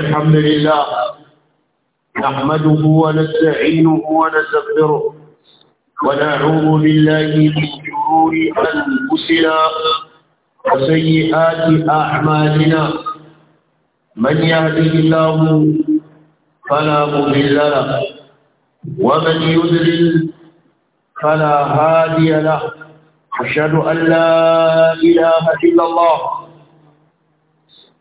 الحمد لله نحمده ونستعينه ونستغفره ونعوذ بالله من شرور أنفسنا وسيئات أعمالنا من يهده الله فلا مضل له ومن يذلل فلا هادي له أشهد أن لا إله إلا الله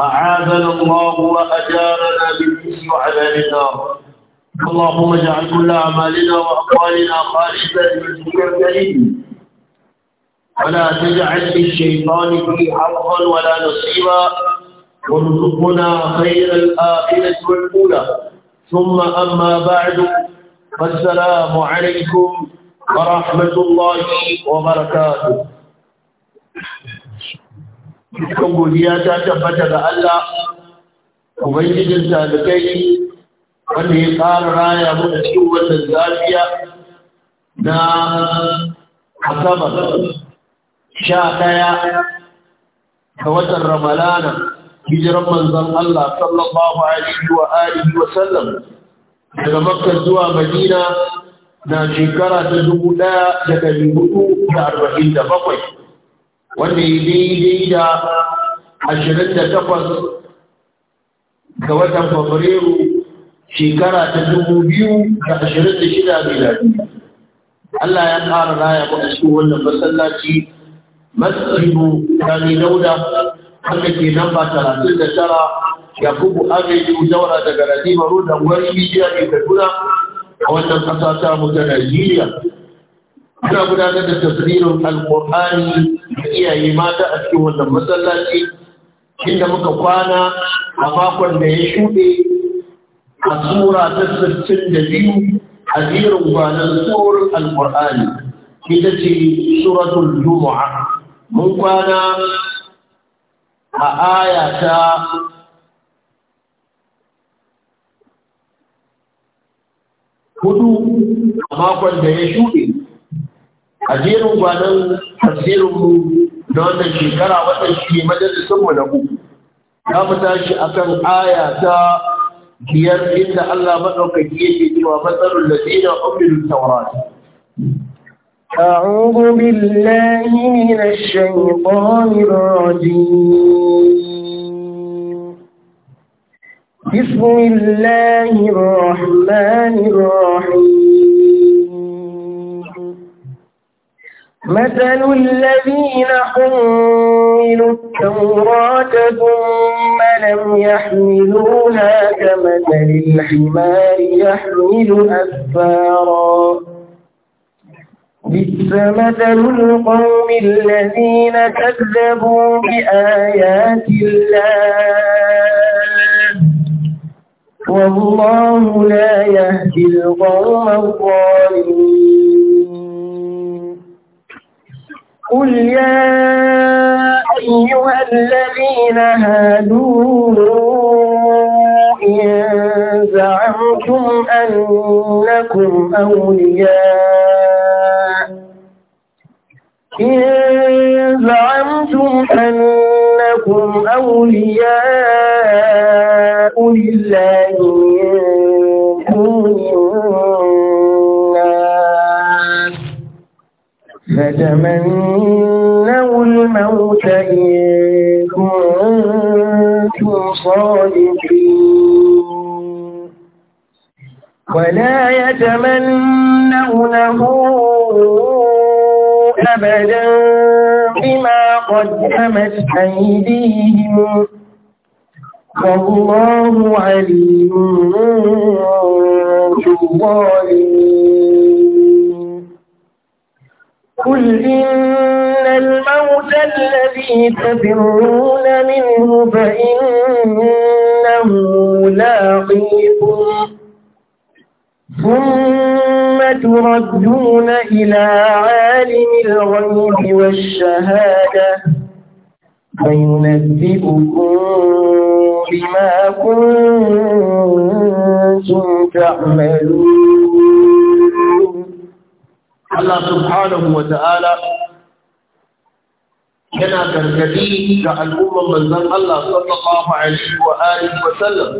أعاذنا الله وأجارنا كل وعذاب النار اللهم اجعل كل أعمالنا وأقوالنا خالصة لوجهك الكريم ولا تجعل للشيطان في حظا ولا نصيبا وارزقنا خير الآخرة والأولى ثم أما بعد فالسلام عليكم ورحمة الله وبركاته Cikin godiya ta tabbata ga Allah ubangijin kai, wanda ya ƙara raya mu da cikin wannan zafiya na asabar sha ɗaya ga watan ramalana hijiran manzon Allah sallallahu alaihi wa alihi wa sallam daga makka zuwa madina na shekara ta dubu ɗaya da ɗari hudu da arba'in da bakwai wanda ya daidai da ashirin da takwas ga watan fabrairu shekara ta dubu biyu da ashirin da shida miladi Allah ya ƙara raya mu a cikin wannan masallaci masjidu Sani Dauda wanda ke nan ba talatin da tara Yakubu Avenue daura daga Radima Road Angwari Bijiya ne Kaduna a wannan ƙasa ta mu ta Najeriya. muna gudanar da tafsirin alƙur'ani da iyaye mata a cikin wannan masallaci inda muka kwana a makon da ya shuɗe a tsura ta sassin da biyu a jerin gwanon tsoron alkur'ani ita ce suratun juma'a mun kwana a aya ta hudu a makon da ya shuɗe a jerin gwanon tafsirin mu da wannan shekara wannan shi majalisun mu na uku za mu tashi akan aya ta biyar inda Allah maɗaukaki yake cewa matsalul ladina umilu tawrat أعوذ بالله من الشيطان الرجيم بسم الله الرحمن الرحيم مثل الذين حملوا التوراة ثم لم يحملوها كمثل الحمار يحمل أسفارا بئس مثل القوم الذين كذبوا بآيات الله والله لا يهدي القوم الظالمين قل يا أيها الذين هادوا إن زعمتم أنكم أولياء إن زعمتم أنكم أولياء لله فتمنوا الموت إن كنتم صادقين ولا يتمنونه أبدا بما قدمت أيديهم والله عليم بالظالمين قل إن الموت الذي تفرون منه فإنه لاقيكم ثم تردون إلى عالم الغيب والشهادة فينبئكم بما كنتم تعملون Allah subhanahu wa ta'ala yana gargadi ga al'ummar manzon Allah sallallahu alaihi wa alihi wa sallam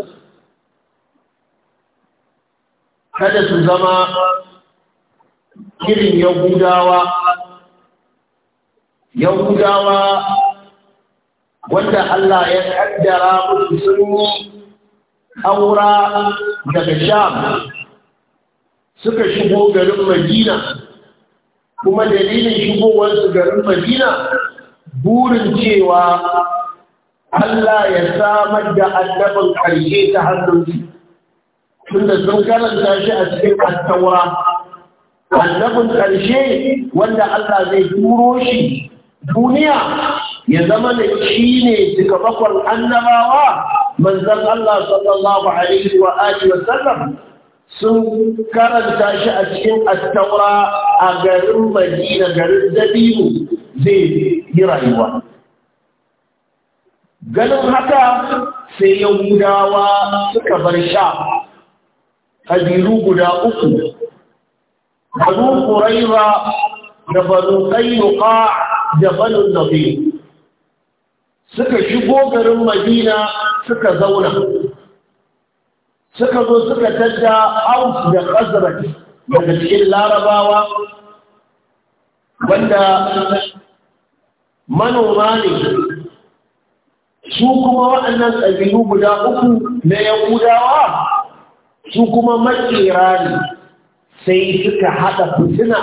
kada su zama irin yahudawa yahudawa wanda Allah ya kaddara musu aura daga sha suka shigo garin madina kuma dalilin shigowarsu garin madina burin cewa Allah ya samar da annabin ƙarshe ta hannunsu tunda sun karanta shi a cikin attawa annabin ƙarshe wanda Allah zai turo shi duniya ya zama da shi ne cika bakon annabawa manzon Allah sallallahu alaihi wa alihi wa sallam sun karanta shi a cikin attaura a garin madina garin dabiru zai yi rayuwa ganin haka sai yahudawa suka bar sha kabiru guda uku banu kuraira da banu ƙayyuka da banu nabi suka shigo garin madina suka zauna suka zo suka tadda aus da khazraj daga cikin larabawa wanda manoma ne su kuma waɗannan ƙabilu guda uku na yahudawa su kuma makera ne sai suka haɗa fitina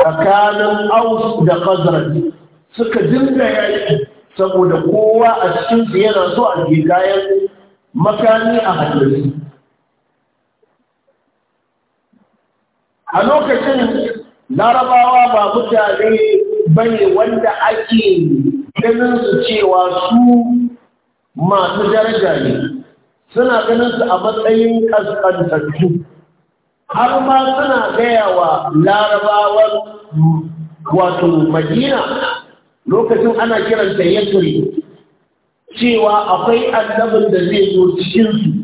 tsakanin aus da khazraj suka dinga yaki, saboda kowa a cikinsu yana so a kayan makami a hannunsu a lokacin larabawa ba mutane bane wanda ake ganin su cewa su masu daraja ne suna ganin su a matsayin kaskantattu har ma suna gaya wa larabawan wato madina lokacin ana kiranta turi, cewa akwai annabin da zai zo cikinsu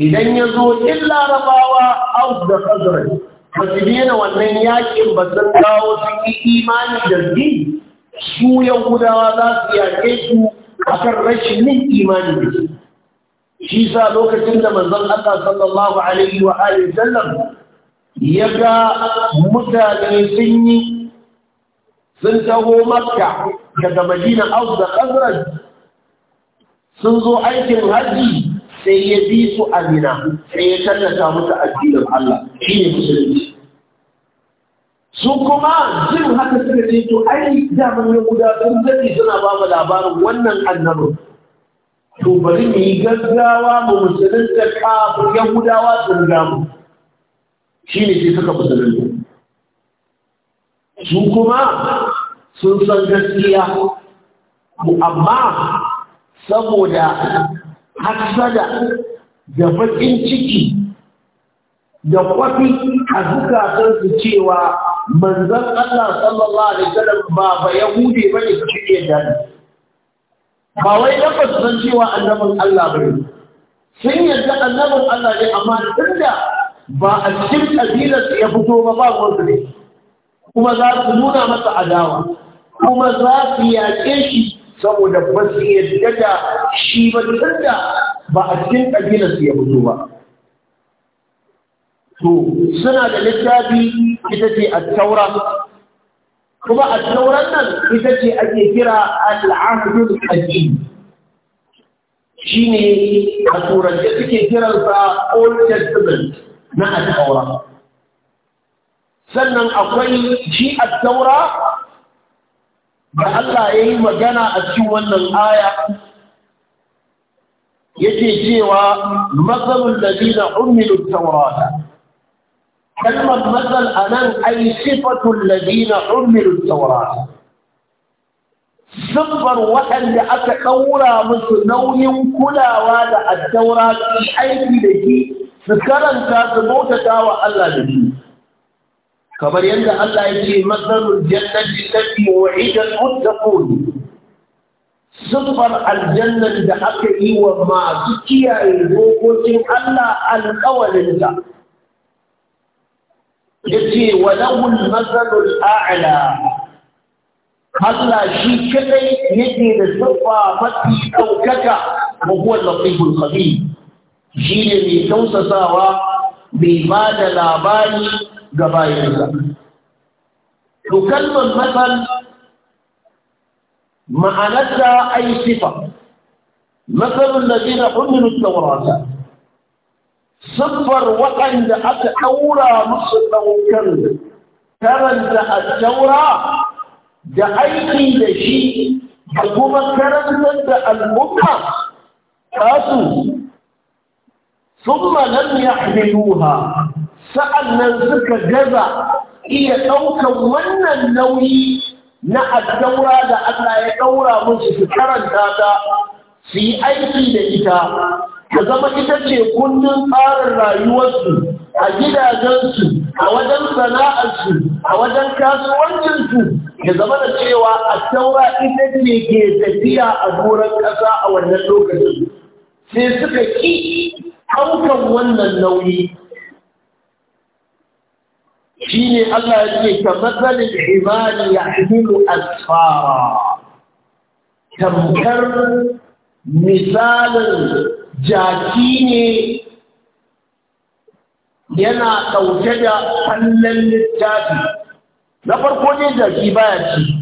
idan ya zo in larabawa auk da kazrai ba wannan yakin ba sun dawo sun imanin imani da zi su gudawa za su yaƙe su a kan rashin yin imanin. da su shi sa lokacin da manzon Allah sallallahu alaihi wa alihi sallam ya ga mutane sun yi sun taho makka daga madina aus da sun zo aikin hajji sai ya bi su amina sai ya tallata musu addinin Allah shi ne musulunci su kuma jin haka suka ce to ai yi guda sun zai suna ba mu labarin wannan annabin to bari mu yi gaggawa mu musulunta kafin yahudawa sun gamu shi ne sai suka musulunta su kuma sun san gaskiya amma saboda hasada da baƙin ciki da kwafi a su cewa manzan Allah sallallahu Alaihi wasallam ba ba hude ba ne su ke dani. Ba wai tabbas san cewa annabin Allah ba ne. Sun yadda annabin Allah ne amma da ba a cikin ƙabilarsa ya fito ba ba wansu ne. Kuma za su nuna masa adawa. Kuma za su yaƙe shi saboda ba su yadda da shi ba da ba a cikin ƙabilar su ya fito ba to suna da littafi ita ce a taura kuma a tauran nan ita ce ake kira al'adun addini shi ne a turance suke kiransa old testament na a taura sannan akwai shi a taura da Allah ya yi magana a cikin wannan aya yake cewa matsalul ladina umilu tawrata kalmar matsal a nan ai sifatul ladina umilu tawrata siffar waɗanda aka ɗaura musu nauyin kulawa da addaura su aiki da shi su karanta su bautata wa Allah da shi kamar yadda Allah ya ce matsalul jannati allati wa'ida al-muttaqun sifar aljannan da aka yi wa masu kiyaye dokokin Allah alƙawarinsa ya ce wa lahul matsalul a'la Allah shi kadai yake da siffa mafi ɗaukaka wa huwa latiful khabir shi ne mai tausasawa mai ba da labari قبائلها تكلم مثلا مع لدى أي صفة مثل الذين حملوا التوراة صفر وقن دعت أولى مصر له كرد كرد دعت التوراة دعيتي لشيء حكومة كرد دعت المتع قاسوا ثم لم يحملوها sa'annan suka gaza iya ɗaukan wannan nauyi na addaura da Allah ya ɗaura musu su karanta ta su yi aiki da ita ta zama ita ce kundin tsarin rayuwarsu a gidajensu a wajen sana'arsu a wajen kasuwancinsu ya zama da cewa addaura ita ce ke tafiya a doron ƙasa a wannan lokacin sai suka ƙi ɗaukan wannan nauyi شيني الله يجي كمثل الحمار يحمل أسفارا كمكر مثال جاكيني ينا توجد حلل للجاكي نفر كوني جاكي باياتي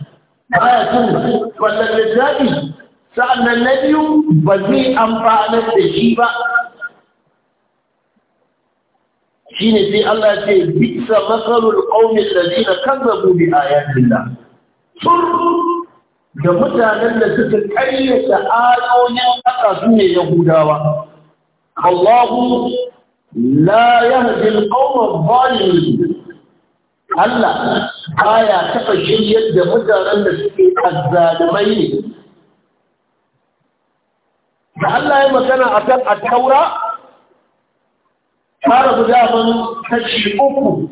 باياتي فلل للجاكي سألنا النبي بذي أمفعنا الشيبة shine sai Allah ya ce bisa masalul qaumi alladhina kazzabu bi ayatillah tur da mutanen da suka kayyata ayoyin Allah ya yahudawa Allahu la yahdi alqawma adh-dhalimin Allah baya taɓa shiryar da mutanen da suke azzalimai ne da Allah ya magana akan at-taura fara guda daman kashi uku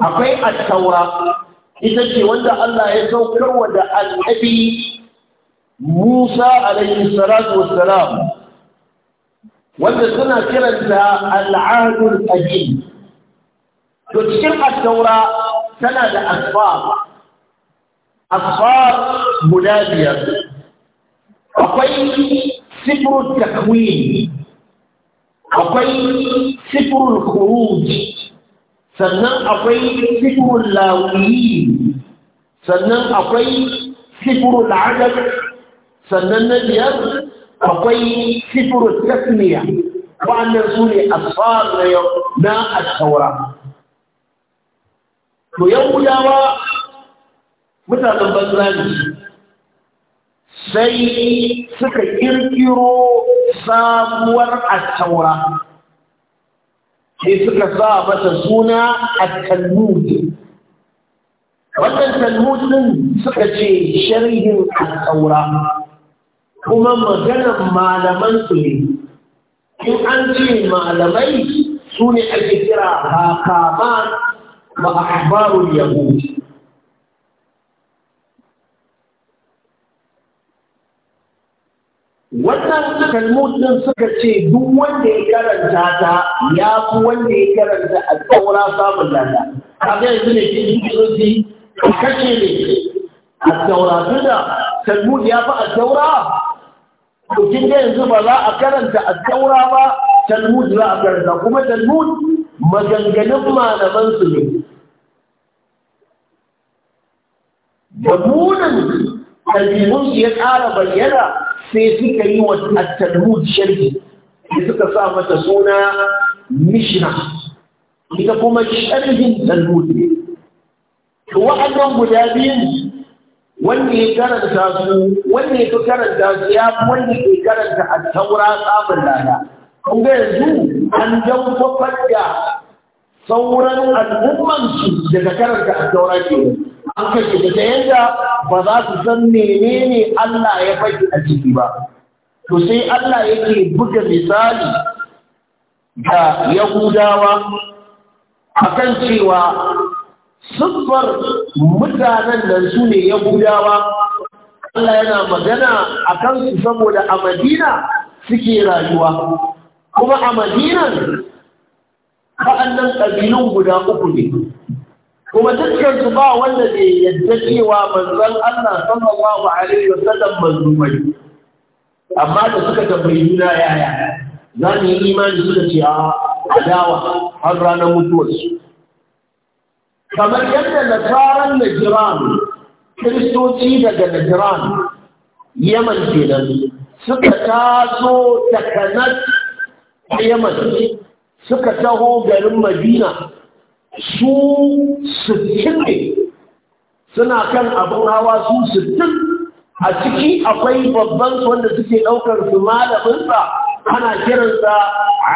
akwai attaura ita ce wanda Allah ya wa da annabi Musa alaihi salatu wassalam wanda suna kiranta al'adul ajin to cikin attaura tana da asfar asfar guda biyar akwai sifru takwini akwai sifirul khuruj sannan akwai sifirul lawiyi sannan akwai sifirul adad sannan na biyar akwai sifirul tasmiya wa'annan su ne asfar na yau na asaura to yahudawa mutanen banza sai suka kirkiro sabuwar attaura sai suka sa mata suna at-talmud wannan talmud din suka ce sharhin at-taura kuma maganan malaman su ne in an ce malamai su ne ake kira ba a ahbarul yahudi wannan kalmud suka ce duk wanda ya karanta ta ya fi wanda ya karanta a tsaura samun lada zai yanzu ne cikin kiristi kashe ne a tsaura da kalmud ya fi a tsaura to kin ga yanzu ba za a karanta a tsaura ba talmud za a karanta kuma talmud maganganun malaman su ne da munin ɗabi'un ya ƙara bayyana sai suka yi wa at-talmud sharhi da suka sa mata suna mishna ita kuma sharhin talmud ne to wa'annan guda biyu wanda ya karanta su wanda ya karanta su ya wanda ke karanta a taura tsabin lada kun ga yanzu an jankwafar da sauran al'umman daga karanta a taura ke an kashe ta yadda ba za su san menene Allah ya faɗi a ciki ba to sai Allah yake buga misali ga Yahudawa akan cewa siffar mutanen nan su ne Yahudawa Allah yana magana a kan su saboda a Madina suke rayuwa kuma a Madinan ka'annan ƙabilun guda uku ne kuma dukkan su ba wanda ne yadda cewa manzon Allah sallallahu alaihi wasallam manzumai amma da suka tambayi juna yaya za mu yi imani suka ce a adawa har ranar mutuwarsu kamar yadda nasaran najiran kiristoci daga najiran yaman kenan suka taso takanas a yaman suka taho garin madina su sittin ne suna kan abin hawa su sittin a ciki akwai babban wanda suke ɗaukar su malaminsa ana kiransa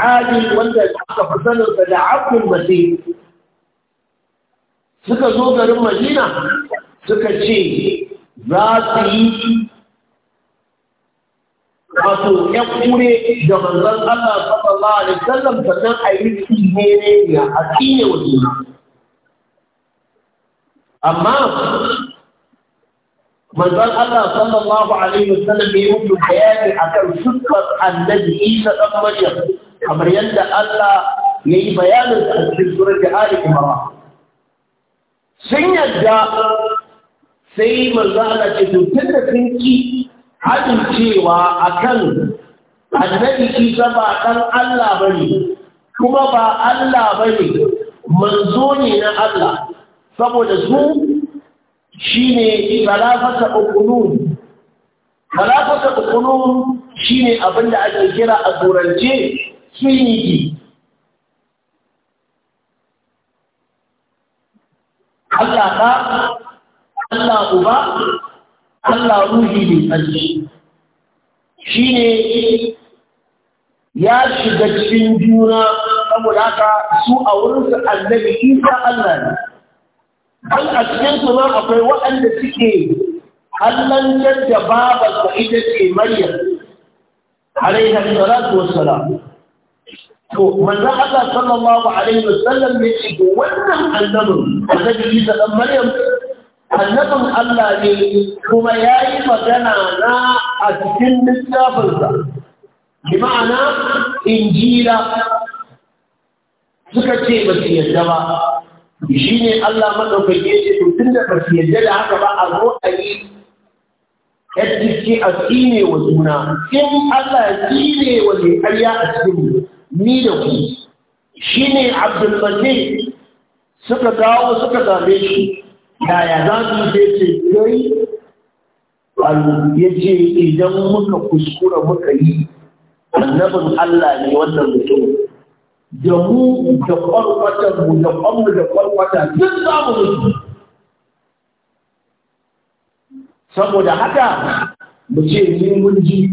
adi wanda aka fi saninsa da abin mace suka zo garin madina suka ce za su yi wato ya kure da manzon Allah sallallahu alaihi wasallam ta san a yi tsire ne a tsire wa juna amma manzon Allah sallallahu alaihi wasallam ya yi bayani akan sifar annabi Isa dan Maryam kamar yadda Allah ya yi bayanin a cikin da Ali Imran sun yadda sai manzo Allah ce to tunda sun ki amincewa kan annabi Isa ba kan Allah bane kuma ba Allah bane manzo ne na Allah saboda su shine salafata ukunun salafata uqulun shine abinda ake kira a turance trinity Allah ba Allah uba Allah ruhi mai ƙarshe shi ne ya shiga cikin juna saboda haka su a wurinsu annabi isa Allah ne an a cikin ma akwai waɗanda suke hallantar da babarsa ita ce maryam alaiha salatu wassalam to manzon Allah sallallahu alaihi wasallam ne ce wannan annabin annabi isa dan maryam annabin Allah ne kuma ya yi magana na a cikin littafinsa bi ma'ana injila suka ce ba su yadda ba shi ne Allah maɗaukaki ya ce tun da ba su yadda da haka ba a zo a yi a tsine wa juna in Allah ya tsine wa mai karya a cikin ni da ku shi ne abdulmajid suka dawo suka same shi yaya za su ce ce kai ya ce idan muka kuskura muka yi annabin Allah ne wannan mutum da mu da kwarkwatan mu da da kwarkwata duk za mu mutu saboda haka mu ce ni mun ji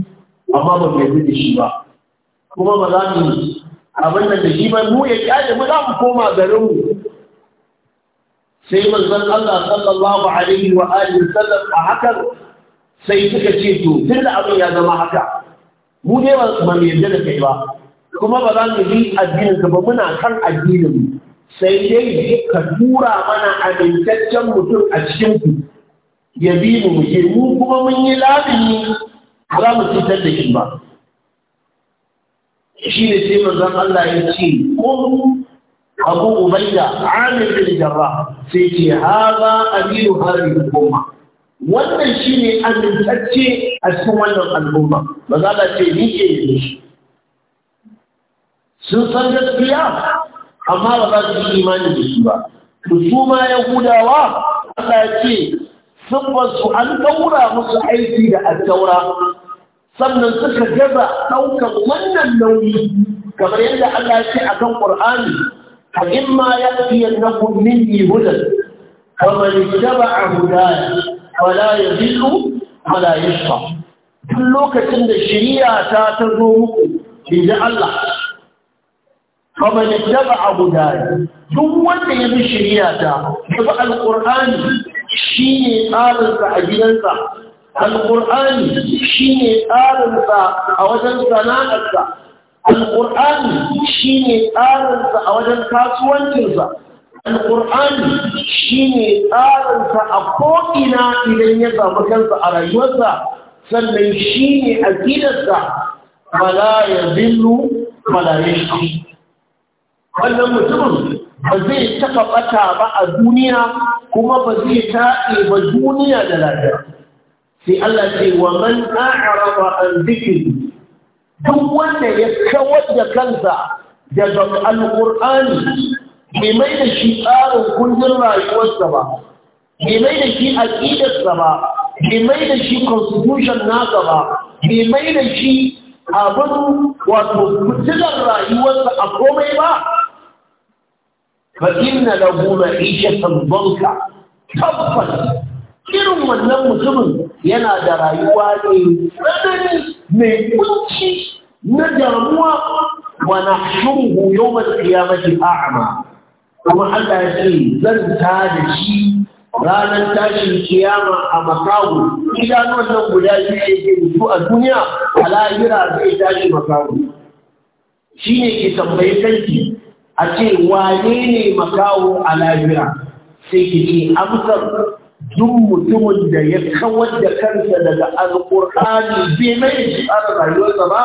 amma ba mai da shi ba kuma ba za mu abin nan da shi ba mu ya kyale mu za mu koma garinmu sai manzon Allah sallallahu alaihi wa alihi sallam a hakan sai suka ce to tunda da abin ya zama haka mu ne ba mu yarda da kai ba kuma ba za mu yi addinin ka ba muna kan addinin sai dai ka tura mana amintaccen mutum a cikin ku ya bi mu mu mu kuma mun yi labini ba za mu cutar da shi ba shi ne sai manzon Allah ya ce ko أبو أبيدة عامر بن جراح سيتي هذا أمير هذه الأمة wannan shi ne amintacce a cikin wannan al'umma ba za ta ce ni ke yi shi sun san gaskiya amma ba za su yi imani da shi ba to su ma yahudawa Allah sun ce su an daura musu aiki da addaura sannan suka gaza ɗaukar wannan nauyi kamar yadda Allah ya ce akan ƙur'ani فإما يأتي النقل مني هدى فمن اتبع هداي فلا يضل ولا يشقى كل لوكت ان الشريعة تاتذوه لدى الله فمن اتبع هداي ثم وانت يبي الشريعة يبقى القرآن شيء قال الزعجل القرآن شيء قال الزعجل القرآن alƙur'ani shi ne tsarinsa a wajen kasuwancinsa alƙur'ani shi ne tsarinsa a ko'ina idan ya samu kansa a rayuwarsa sannan shi ne aƙidarsa mala ya zillu mala ya shi wannan mutumin ba zai taɓa ɓata ba a duniya kuma ba zai taɓe ba duniya da lafiya sai Allah ce wa man a'raba an zikin. duk wanda ya kawar da kansa daga Al'ur'ani, bai mai da shi tsarin kundin rayuwarsa ba bai mai da shi aƙidarsa ba bai mai da shi constitution nasa ba bai mai da shi abin wato fitilar rayuwarsa a komai ba fa inna lahu ishe banka tabbas irin wannan mutumin yana da rayuwa ne tsanani mai kunci na damuwa wa nahshuruhu yawm ya a'a a'ma kuma Allah ya ce zan ta da shi ranar tashin kiyama a makawu idanuwan nan guda biyu ke su a duniya a lahira zai tashi makawu shi ne ke tambayi kanki a ce wane ne makawu a lahira sai ke ce amsar duk mutumin da ya kawar da kansa daga alƙur'ani bai mai shi a rayuwarsa ba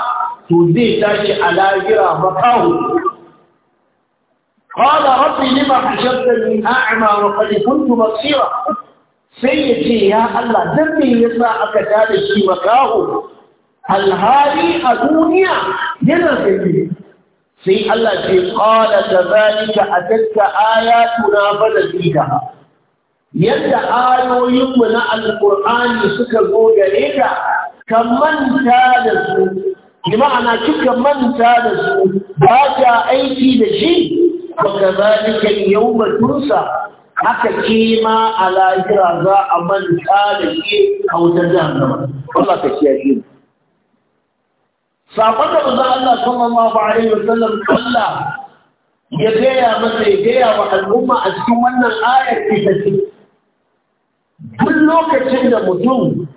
to zai tashi a lahira makahu qala rabbi lima hashabtani a'ma wa qad kuntu basira sai ya ce ya Allah dan me sa aka da shi makaho. alhali a duniya yana gani sai Allah ce qala kadhalika atatka ayatuna fadhika yadda ayoyinmu na Alƙur'ani suka zo gare ka ka manta da su Jama'a na cika manta da su ba ta aiki da shi wa kazalika yawma tunsa haka ke ma a lahira za a manta da ke a wutar jahannama Allah ka kiyaye shi sakon da manzo Allah sallallahu alaihi wasallam Allah ya gaya masa ya gaya wa al'umma a cikin wannan ayar ita tafi duk lokacin da mutum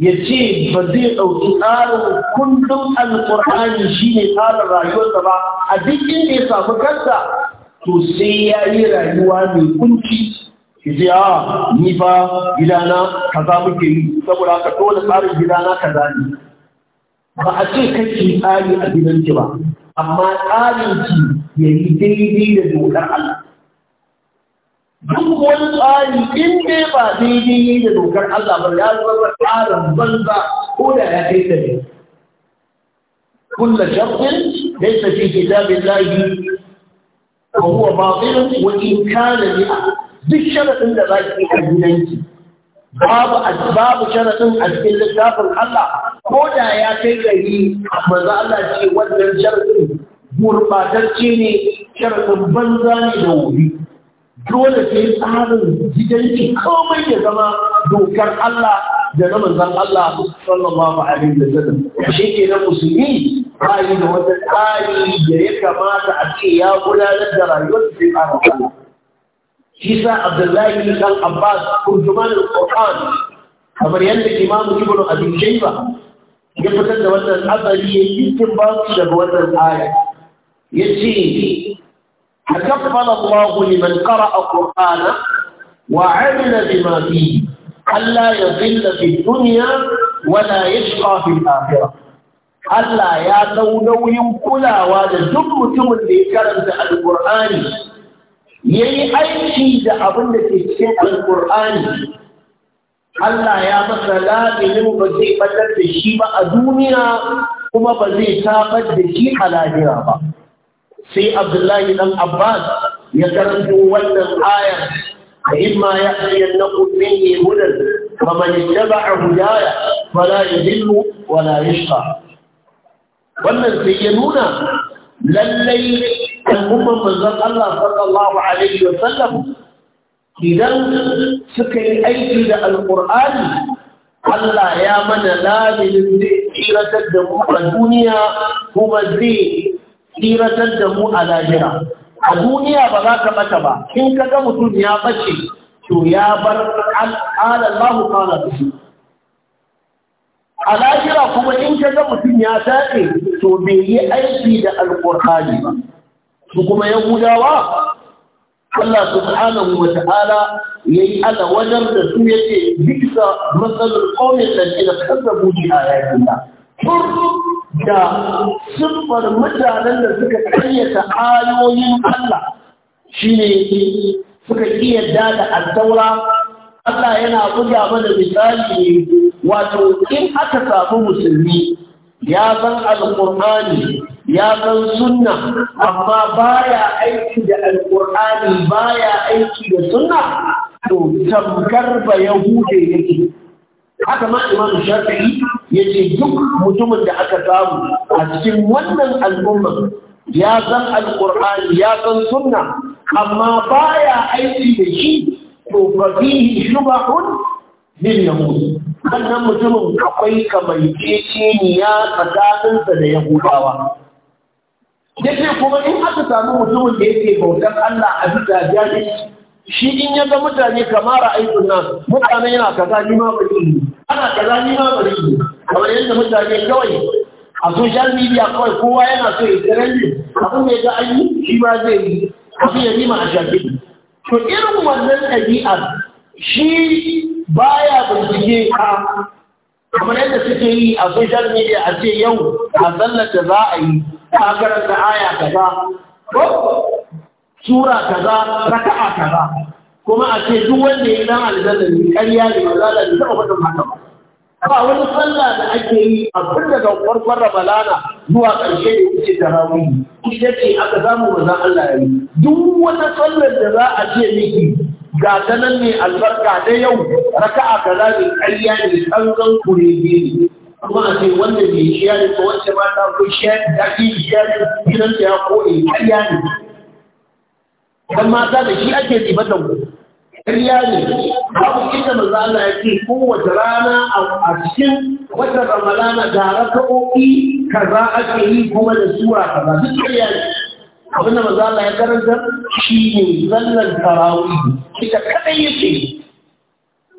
ya ce ba zai ɗauki tsarin kundin alƙur'ani shi ne tsarin rayuwarsa ba a duk inda ya samu kansa to sai ya yi rayuwa mai kunci ce a ah, ni fa gidana kaza muke yi saboda haka dole tsarin gidana za ni. ba a ce kake tsari a gidanki ba amma tsarin ki ya yi daidai da dokar Allah duk wani tsari in dai ba daidai da dokar Allah ba ya zama tsarin banza ko da ya kai ta ne kullu shartin laysa fi kitabillahi wa huwa batil wa in kana li duk sharaɗin da zaki a gidanki babu asbabu sharadin a cikin littafin Allah ko da ya kai gari manzo Allah ce wannan sharadin gurbatacce ne sharadin banza ne da wuri dole sai tsarin gidanki komai ya zama dokar Allah da na manzan Allah sallallahu alaihi wa sallam shi ke na musulmi bayi da wata tsari da ya kamata a ce ya gudanar da rayuwar sai tsarin Allah Isa Abdullahi dan Abbas kurjuman al-Qur'an kamar yadda Imam Ibn Abi Shayba ya fitar da wannan asali ya yi da daga wannan aya yace فكفل الله لمن قرأ قرآنا وعمل بما فيه ألا يضل في الدنيا ولا يشقى في الآخرة ألا يا دولو يمكلا ولا دم تم اللي كرمت القرآن يي أي شيء أظن في شيء القرآن ألا يا مثلا من بزي بدل الشيء الدنيا وما بزي ثابت الشيء شيء على جرابه sai abdullahi dan abbas ya karanto wannan ayar da imma ya ayyan na kuɗin ne hudan kamar yaba a hudaya fala ya dillu wala wannan sai ya nuna lallai al'ummar manzon Allah sallallahu alaihi wa sallam idan suka yi aiki da alƙur'ani Allah ya mana laminin zai tsiratar da mu a duniya kuma zai tsiratar da mu a lahira a duniya ba za ka mata ba in ka ga mutum ya ɓace to ya bar alallahu kala su a lahira kuma in ka ga mutum ya daɗe to bai yi aiki da alƙur'ani ba su kuma yahudawa Allah subhanahu wa ta'ala yi ala wajen da su yake bisa matsalar qawmin da ke da a yakin ayatin da siffar mutanen da suka kayyata ayoyin Allah shi ne suka ƙiyarda da addaura. Allah yana buga mana misali ne. wato in aka samu musulmi ya san alƙur'ani ya san sunna amma baya aiki da alƙur'ani baya aiki da sunna to tamkar ba yahude yake haka ma imam shafi'i ya ce duk mutumin da aka samu a cikin wannan al'umma ya san alƙur'ani ya san sunna amma baya aiki da shi to fa fihi shubahun bin yahud wannan mutumin akwai kamaiceceniya tsakaninsa da yahudawa yake kuma in aka samu mutumin da yake bautar Allah a bisa jahilci shi in ya ga mutane kamar aikin nan mutane yana kaza ni ma ba ana kaza ni ma bari yi kamar yadda mutane kawai a social media kawai kowa yana so ya trending abin da ya ga ayi shi ma zai yi abin ya nima a shafi to irin wannan ɗabi'ar shi baya bincike a kamar yadda suke yi a social media a ce yau a zallata za a yi ta karanta aya kaza ko sura kaza raka'a kaza kuma a ce duk wanda ya dan aljanna ne ƙarya ne mazala ne taɓa faɗin haka ba ba wani sallah da ake yi a tun daga farkon ramalana zuwa ƙarshe da wuce kuma ita ce aka samu manzon Allah ya yi duk wata sallar da za a ce miki ga ta nan ne albarka da yau raka'a kaza ne ƙarya ne tsantsan kurege ne Kuma a ce wanda mai shiya ne ko wacce mata ko shiya ne ta fi shiya ne gidan ta ya koɗe ƙarya ne dan mata da shi ake da ku ƙarya ne babu inda maza Allah ya ce kowace rana a cikin wata ramadana da raka'o'i kaza ake yi kuma da sura kaza duk ƙarya ne abinda maza Allah ya karanta shi ne zallan tarawih ita kadai yake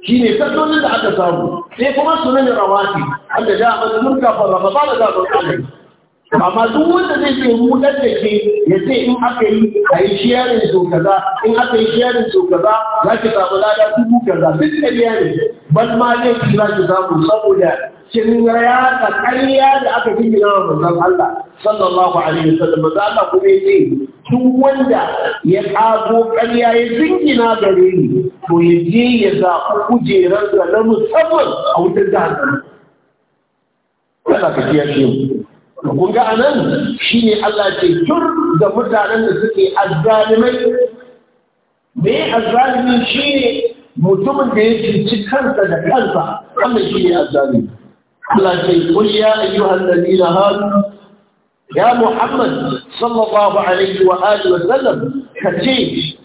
shi ne sallolin da aka samu sai kuma sunan rawati wanda da a mazalurka fa ramadana da ramadana amma duk wanda zai ce rudar da ke ya ce in aka yi a yi shiyarin so kaza in aka yi shiyarin so kaza za ki samu lada dubu kaza duk da biya ne ban ma ne ki za ki samu saboda kin raya da ƙarya da aka gina wa manzon Allah sallallahu alaihi wasallam manzon Allah kuma ya ce duk wanda ya kago karya ya jingina gare ni to ya je ya zaɓi kujerar da na musamman a wutar da hankali. Allah ka kiyaye kun ga anan shi ne Allah ce tur da mutanen da suke azzalimai me azzalimi shi ne mutumin da ya cinci kansa da kansa wannan shi ne azzalimi Allah ce kul ya ayyuhal ladina hadu ya Muhammad sallallahu alaihi wa alihi wa sallam kace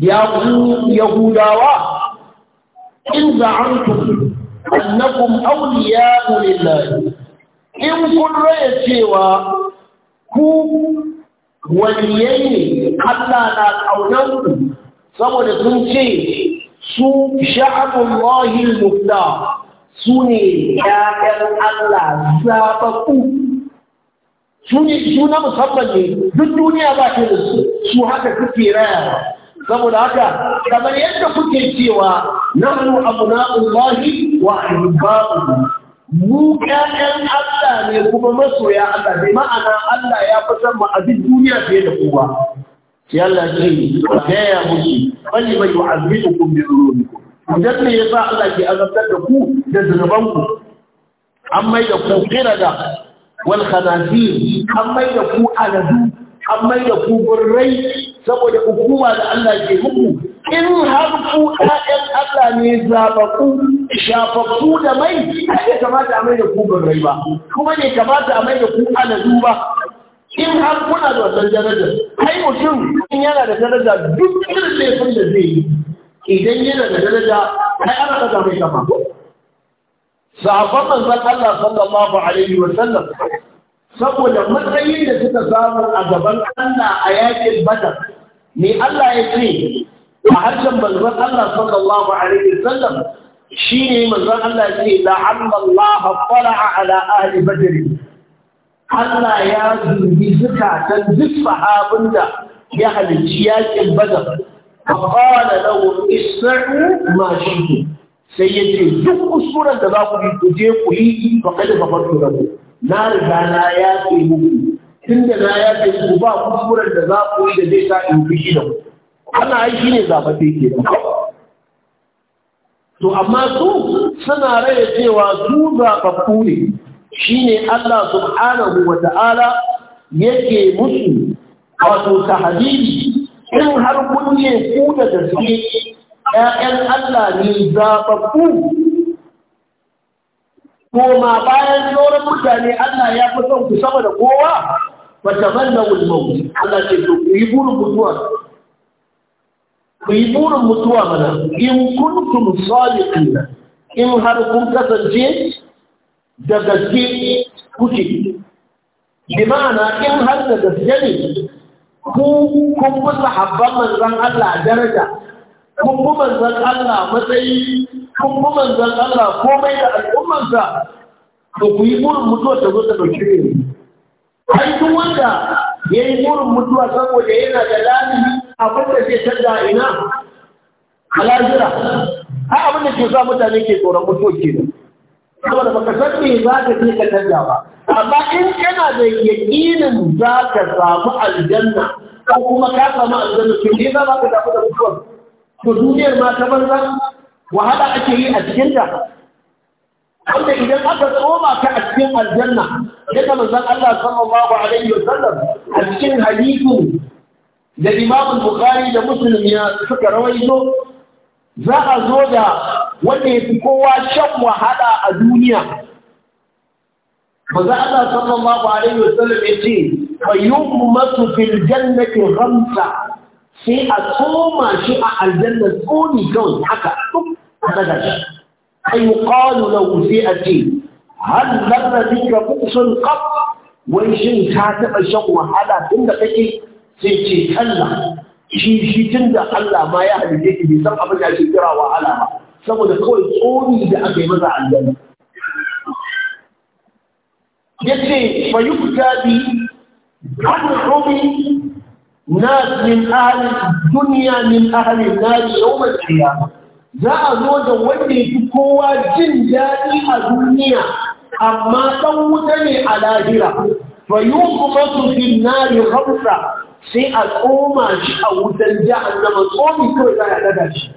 ya ku yahudawa in za'antum annakum awliya'u lillahi in kun raya cewa ku waliyai ne Allah na ƙaunar ku saboda sun ce su sha'abun lahil mutla su ne ‘ya'yan Allah zaɓaɓɓu su na musamman ne duk duniya ba ta da su su haka suke raya saboda haka kamar yadda kuke cewa nahnu abna'ullahi wa ahibba'uhu mu 'ya'yan Allah ne kuma masoya Allah ne? ma'ana Allah ya fi san duniya fiye da kowa sai Allah ce ka gaya musu bali bai yu'azzibukum bi dhunubikum idan ne yasa Allah ke azabtar da ku da zunubanku an mai da ku qirada wal khanazir an mai da ku aladu an mai da ku burrai saboda hukuma da Allah ke muku in har ku ɗayan Allah ne zaɓaɓɓu shafaɓɓu da mai ake kamata a mai da ku rai ba kuma ne kamata a mai da ku aladu ba in har kuna da wannan darajar kai mutum in yana da daraja duk irin laifin da zai yi idan yana da daraja kai ana ɗaga mai kama sahabban manzon Allah sallallahu alaihi wa sallam saboda matsayin da suka samu a gaban Allah a yakin Badar ne Allah ya ce وحجم بالذات الله صلى الله عليه وسلم شيني من ذات الله يقول لعم الله اطلع على أهل بدر حتى يا ذكا تنزف آبندا يا يعني أهل جياك البدر فقال له اسمعوا ما شئتم سيدي زق أسبورا تباقوا في التجيب وليه فقد فقدت ربه نار دانا يا ذكي عندنا يا ذكي باقوا أسبورا تباقوا في التجيب Allah ai shine zababe ke to amma su suna raya cewa su zafafu ne shine Allah subhanahu wa ta'ala yake musu wato tahdidi in har kun ne ku da gaske Ya'yan Allah ne ko koma bayan sauran mutane Allah ya fi son ku sama da kowa fa tamannawu al Allah ce ku yi burin mutuwa ku yi burin mutuwa mana in kuntum sadiqina in har kun kasance da gaske kuke bi ma'ana in har da gaske ne ku kun fi sahabban manzon Allah daraja kun fi manzon Allah matsayi kun fi manzon Allah komai da al'ummarsa to ku yi burin mutuwa ta zo ta ɗauke ne ai duk wanda ya yi burin mutuwa saboda yana da lalimi abin da ke canza ina a lajira har abin da ke sa mutane ke tsoron mutuwa ke nan saboda baka san me za ka je ka canza ba amma in kana da yaƙinin za ka samu aljanna ko kuma ka samu aljanna to ne za ka tafi da mutuwa to duniyar ma ta banza wahala ake yi a cikinta wanda idan aka tsoma ka a cikin aljanna yadda manzon Allah sallallahu alaihi wasallam a cikin hadisi da Limamin, Bukhari da Muslim ya suka rawaito za a zo da wanda ya fi kowa shan wahala a duniya maza Allah sallallahu alaihi wasallam ya ce fayyummatu fil jannati ghamsa sai a koma shi a aljanna tsoni kawai haka duk daga shi ay wuse a ce har ladda bika qutsun wai shin ka taɓa shan wahala tunda kake sai ce kalla shi shi tun da Allah ma ya halitta shi bai san abin da ake kira wa ba saboda kawai tsoni da aka yi masa aljanna yace fa yukta bi anhumi nas min ahli dunya min ahli nar yawm al-qiyamah za a zo da wanda yake kowa jin daɗi a duniya amma dan wuta ne a lahira fa yuqmatu fi nar khamsa sai a koma shi a wutan jihar tsomi kawai za a daga shi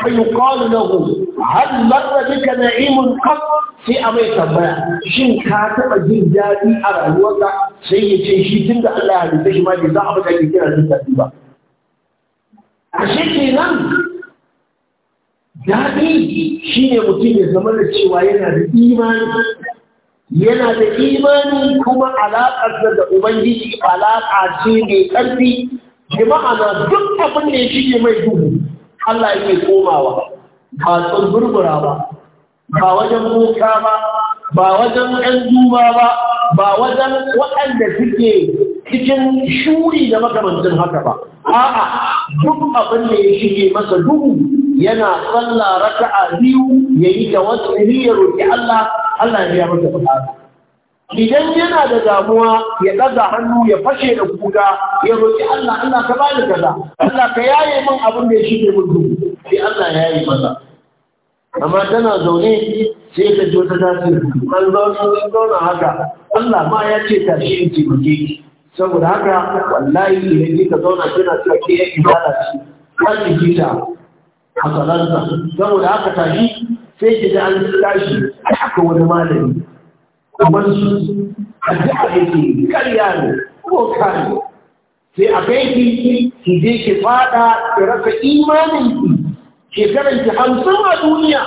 fa yuqalu lahu hal marra bika na'imun qat sai a mai tambaya shin ka taba jin daɗi a rayuwarka sai ya ce shi tun da Allah ya halitta shi ma bai za a baka ke kira jin daɗi ba ashe kenan daɗi shine mutum ya zama da cewa yana da imani yana da imani kuma alaƙar da Ubangiji alaƙa ce mai ƙarfi, da ma'ana duk abin da ya shige mai duhu, Allah yake komawa, ba burbura ba, ba wajen boka ba, ba wajen ‘yan duba ba, ba wajen waɗanda suke cikin shuri da makamancin haka ba. A'a, duk abin da ya shige masa duhu, yana sallah raka'a biyu yayi tawassuli ya roki Allah Allah ya biya masa bukata idan yana da damuwa ya ɗaga hannu ya fashe da kuka ya roƙi Allah Allah ka bani kaza Allah ka yaye min abin da ya shige min duhu sai Allah ya yi maza. amma tana zaune sai ka ji wata tasiri an zauna haka Allah ma ya ce tashi in taimake ki saboda haka wallahi idan kika zauna kina tsaki ya ibada shi, wani kita a saboda haka tashi sai ki da an tashi a haka wani malami kamar su a yake karya ne ko kare sai a kai ki ki je ki fada ki rasa imanin ki shekaran ki hamsin a duniya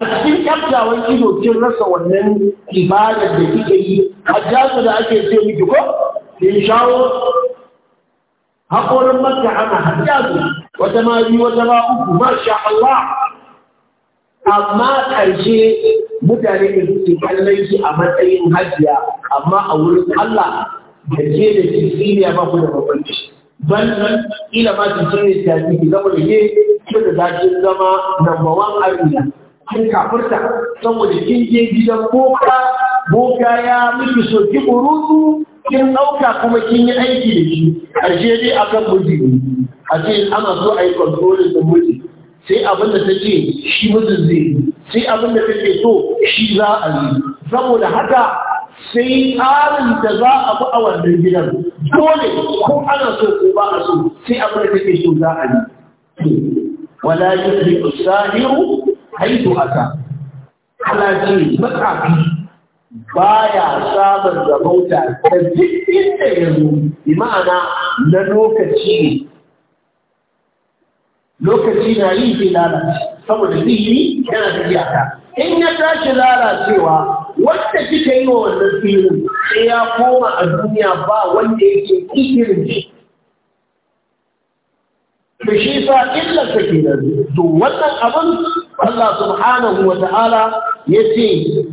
a cikin kyaftawan ido kin rasa wannan ibadar da kike yi hajjatu da ake ce miki ko kin shawo haƙorin makka ana hajjatu wata ma biyu wata ma uku masha Allah amma ƙarshe mutane da suke kallon shi a matsayin hajiya amma a wurin Allah da ke da shi siriya ba ku da babban shi ban ila ma su sun yi tafi ki zama da ke kin da zakin zama number one arena kin kafurta saboda kin je gidan boka boka ya miki so ki burutu kin ɗauka kuma kin yi aiki da shi ashe dai akan mujini a ce ana so a yi kontrolin da miji sai abin da ta ce shi mijin zai sai abin da take so shi za a yi saboda haka sai tsarin da za a bi a wannan gidan dole ko ana so ko ba a so sai abin da take so za a yi wala yusri usahiru haitu aka ana ce matsafi baya samun rabauta da duk inda ya zo bi ma'ana na lokaci ne lokaci na yi zai lalace saboda sihiri yana da iyaka in ya tashi lalacewa wanda kika yi wa wannan filin sai ya koma a duniya ba wanda yake ikirin shi da shi sa illarsa ke nan to wannan abin Allah subhanahu wa ta'ala ya ce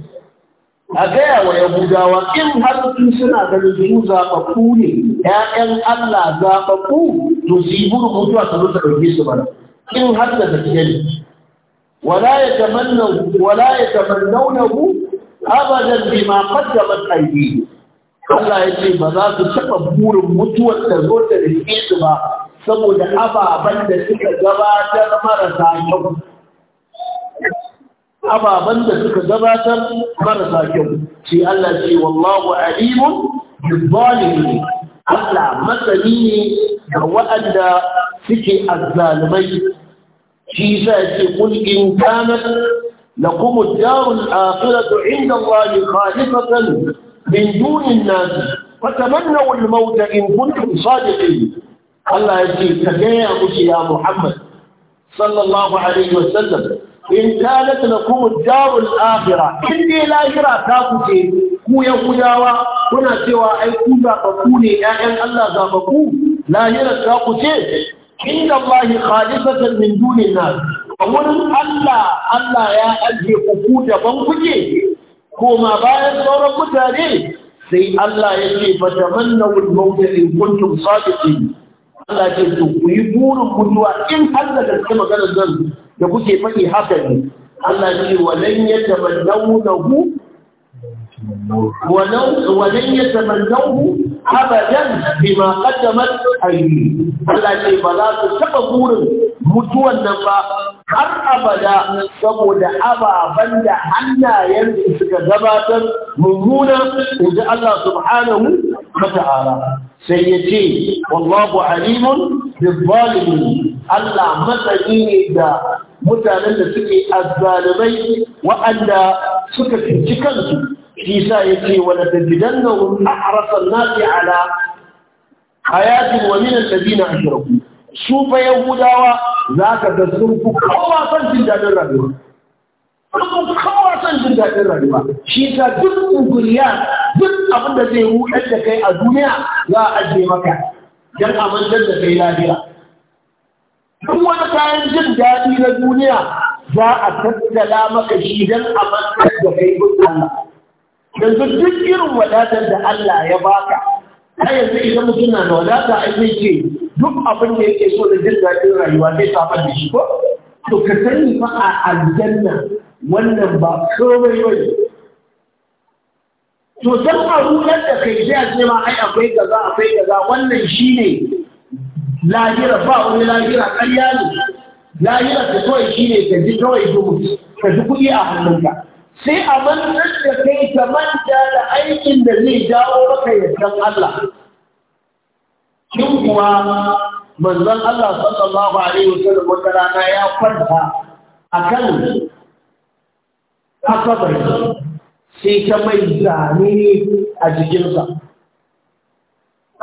a gaya wa yahudawa in har sun suna ganin su zaɓaɓɓu ne ‘ya'yan Allah zaɓaɓɓu to su yi buru mutuwa su rusa ɗauke su ba. in har da gaskiya ne wala ya tamannahu wala ya tamannahu abadan bima qaddamat aydihim Allah ya ce ba za su taɓa burin mutuwar da zo ta rike su ba saboda ababen da suka gabatar marasa kyau ababen da suka gabatar marasa kyau ce Allah ce wallahu alimun bizzalimi Allah matsani ne ga wa'anda suke azzalumai shi sa ce kul in kanat lakum ad-darul akhiratu 'inda Allah khalifatan min dunin nas fatamannaw al-maut in kuntum sadiqin Allah ya ce ka gaya musu ya Muhammad sallallahu alaihi sallam. in kanat lakum ad-darul akhirah in dai lahira ta kuce ku ya kudawa kuna cewa ai ku ba ku ne ƴaƴan Allah za ba ku lahira ta kuce inda Allah khalisatan min dunin nas a wurin Allah Allah ya ajiye ku ku daban kuke koma bayan sauran mutane sai Allah ya ce fa tamannaw al-maut in kuntum sadiqin Allah ce ku yi burin mutuwa in har da gaske maganar zan da kuke faɗi haka ne Allah ce walan yatabannawnahu walau walan yatamannahu abadan bima qaddamat ayyi Allah ce ba za su taɓa burin mutuwan nan ba har abada saboda ababen da hannayen suka gabatar mummuna inda Allah subhanahu wa ta'ala sai ya ce wallahu alimun bi zalimin Allah matsayi ne da mutanen da suke azzalumai wa'anda suka cinci kansu shi ya ce wala tajidan na wani arasan nasi ala hayatin wa minan tabina a shirku su fa yahudawa za ka ga sun fi kowa son jin daɗin rayuwa sun fi kowa son jin daɗin rayuwa shi sa duk uguriya, duk abin da zai huɗar da kai a duniya za a ajiye maka yan a da kai lafiya duk wani kayan jin daɗi na duniya za a tattala maka shi don a matsayin da kai Allah. Yanzu duk irin wadatar da Allah ya baka, a yanzu idan mutum na da wadata a zai ce duk abin da yake so da jin daɗin rayuwa zai samar da shi ko? To ka sani fa a aljanna wannan ba komai ba ne. To san a da kai sai a ce ma ai akwai gaza akwai gaza wannan shi ne lahira ba wani lahira ƙarya ne lahira ta kawai shi ne ka ji kawai dubu ka ji kuɗi a hannunka sai a mantar da kai ka manta da aikin da zai jawo maka yardan Allah Kin kuwa manzon Allah sallallahu alaihi wasallam wata rana ya kwanta akan akabar sai ta mai zane a jikinsa.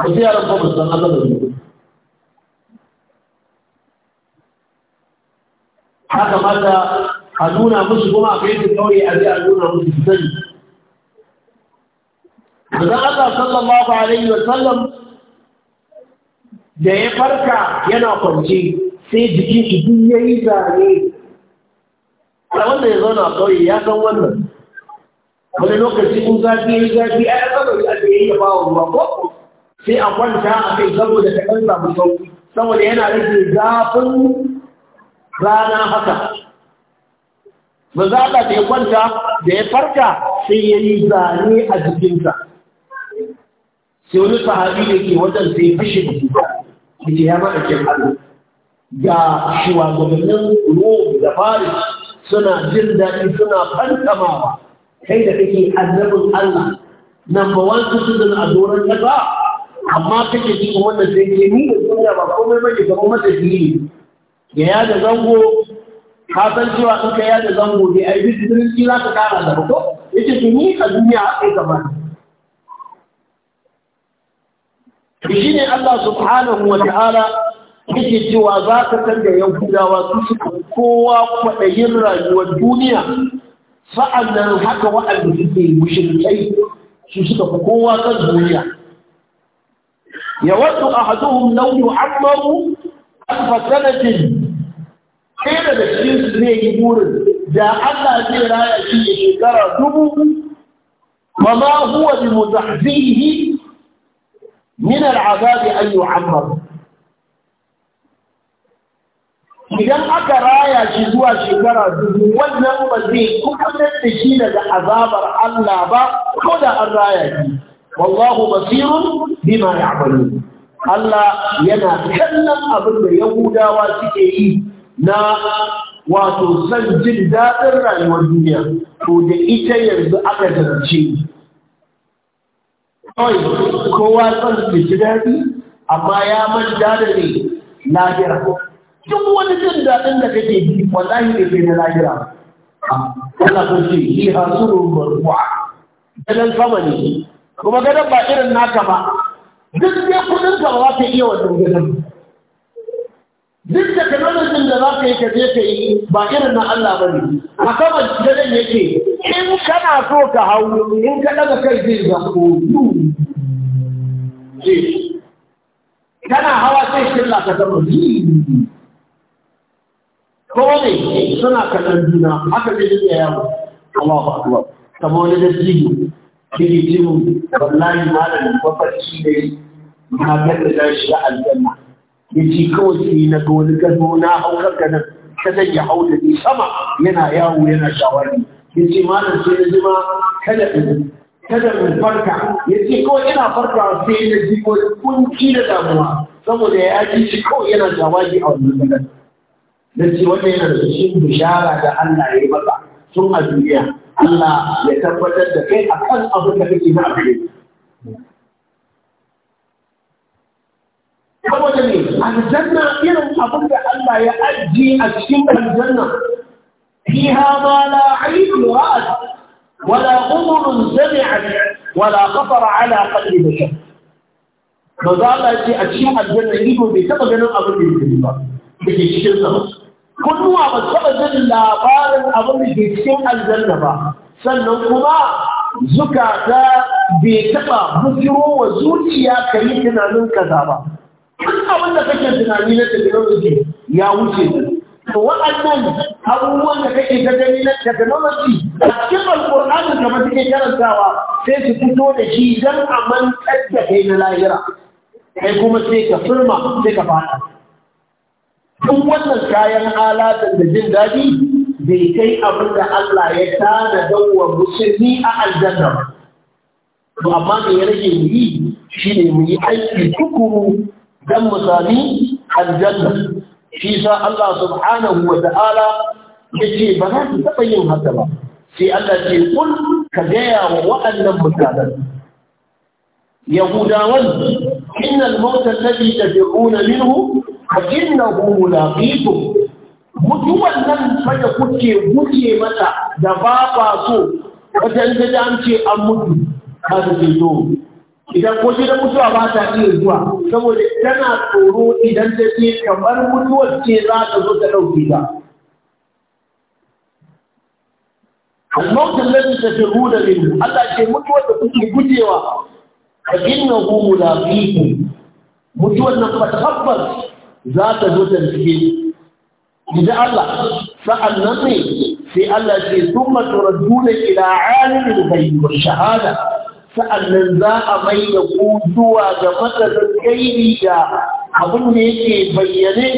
A yaran kuma sun ne. haka mata a nuna musu kuma a kai kawai a zai a nuna musu su sani da sallan sallallahu a wa sallam da ya farka yana kwance sai jikin shi duk yayi zane a wanda ya zauna a kawai ya san wannan wani lokaci kun zafi yi zafi a aka da a yi ya bawa ruwa ko sai a kwanta a kai saboda ta kan samu sauki saboda yana rage zafin rana haka ka ta ya kwanta da ya farka sai ya yi zane a jikinsa sai wani sahabi da ke wajen sai fashe da kuka da ke yama da ke hannu ga gudunan rome da paris suna jin daɗi suna fantamawa kai da kake annabin allah number one citizen a doron ƙasa amma kake kuma wannan sai ke ni da suna ba komai mai ke gaba mata jini. ya yada zango ka san cewa in ka yada zango bai a yi bidirinci za ka kara da ko ya ce tuni a duniya haka yi gaba shi ne Allah subhanahu wa ta'ala yake cewa za ka san da yahudawa su suka kowa kwaɗayin rayuwar duniya sa'an nan haka wa'anda suke mushrikai su suka fi kowa kan duniya ya wasu a haduhun launu ammaru alfa fasanatin sai da cikin su zai yi burin da Allah zai raya shi ne shekara dubu wa ma huwa bi mutahzihi min al'azab an yu'ammar idan aka raya shi zuwa shekara dubu wannan ba zai kubutar da shi daga azabar Allah ba ko da an raya shi wallahu basirun bima ya'malun Allah yana kallon abin da Yahudawa suke yi na wato son jin daɗin rayuwar duniya to da ita yanzu aka zarce kawai kowa son da ji daɗi amma ya manta da ne lahira duk wani jin daɗin da kake ji wallahi ne kai na lahira Allah kun ce shi hasurun marfu'a ganin sama ne kuma gadon ba irin naka ba duk dai kudin ka ba iya wannan gudun. duk da kanonin da za ka yi ka je ka yi ba irin na Allah ba ne a saman gidan yake in kana so ka hau in ka daga kai zai zanko kana hawa sai shirla ka zama ko ne suna kallon juna haka zai yi yawo Allahu akbar kamar wani dattijo ba na yi malamin shi ne na ga da shi aljanna ya ci kawai sai na ga wani gado na haukar ganin kadan ya hau da ni sama yana yawo yana shawari ya ce malam sai na jima kada in kada in farka ya ce kawai yana farka sai na ji wani kunci da damuwa saboda ya ji shi kawai yana shawari a wani gadan na ce wannan yana da cikin bishara da Allah ya yi maka tun a duniya Allah ya tabbatar da kai akan abin da kake na abin saboda ne aljanna irin abin da Allah ya ajiye a cikin aljanna fiha ma la ainu ra'at wala umrun sami'at wala khatara ala qalbi bashar ba za Allah ce a cikin aljanna ido bai taba ganin abin da yake ba da ke cikin sa kunnuwa ba taba jin labarin abin da ke cikin aljanna ba sannan kuma zukata bai taba bujiro wa zuciya ka yi tunanin kaza ba duk abin da kake tunani na technology ya wuce ne to waɗannan abubuwan da kake ta gani na technology a cikin alƙur'anin da ke karantawa sai su fito da shi don a mantar da kai na lahira kai kuma sai ka firma sai ka fada duk wannan kayan alatan da jin daɗi bai kai abin da Allah ya tana wa musulmi a aljanna to amma me ya rage mu yi shine mu yi aiki tukuru dan mu sami aljanna shi sa Allah subhanahu wa ta'ala yace ba za su taba yin haka ba sai Allah ce kun ka gaya wa waɗannan mutanen yahudawan innal mauta alladhi tad'una minhu fa innahu mutuwan nan fa da kuke guje mata da ba ba so wajen da an ce an mutu ka ce to idan ko gidan mutuwa ba ta iya zuwa saboda tana tsoro idan ta ce kamar mutuwar ce za ta zo ta ɗauke ta الموت الذي تفرون منه ke mutuwar da kuke gujewa fa innahu mulaqikum mutuwar na fa za ta zo ta cike idan Allah sa'an nan ne sai Allah ce thumma turadduna ila alimil ghaibi wash shahada sa'annan za a mai da ku zuwa ga matsalar gairi da abin da yake bayyane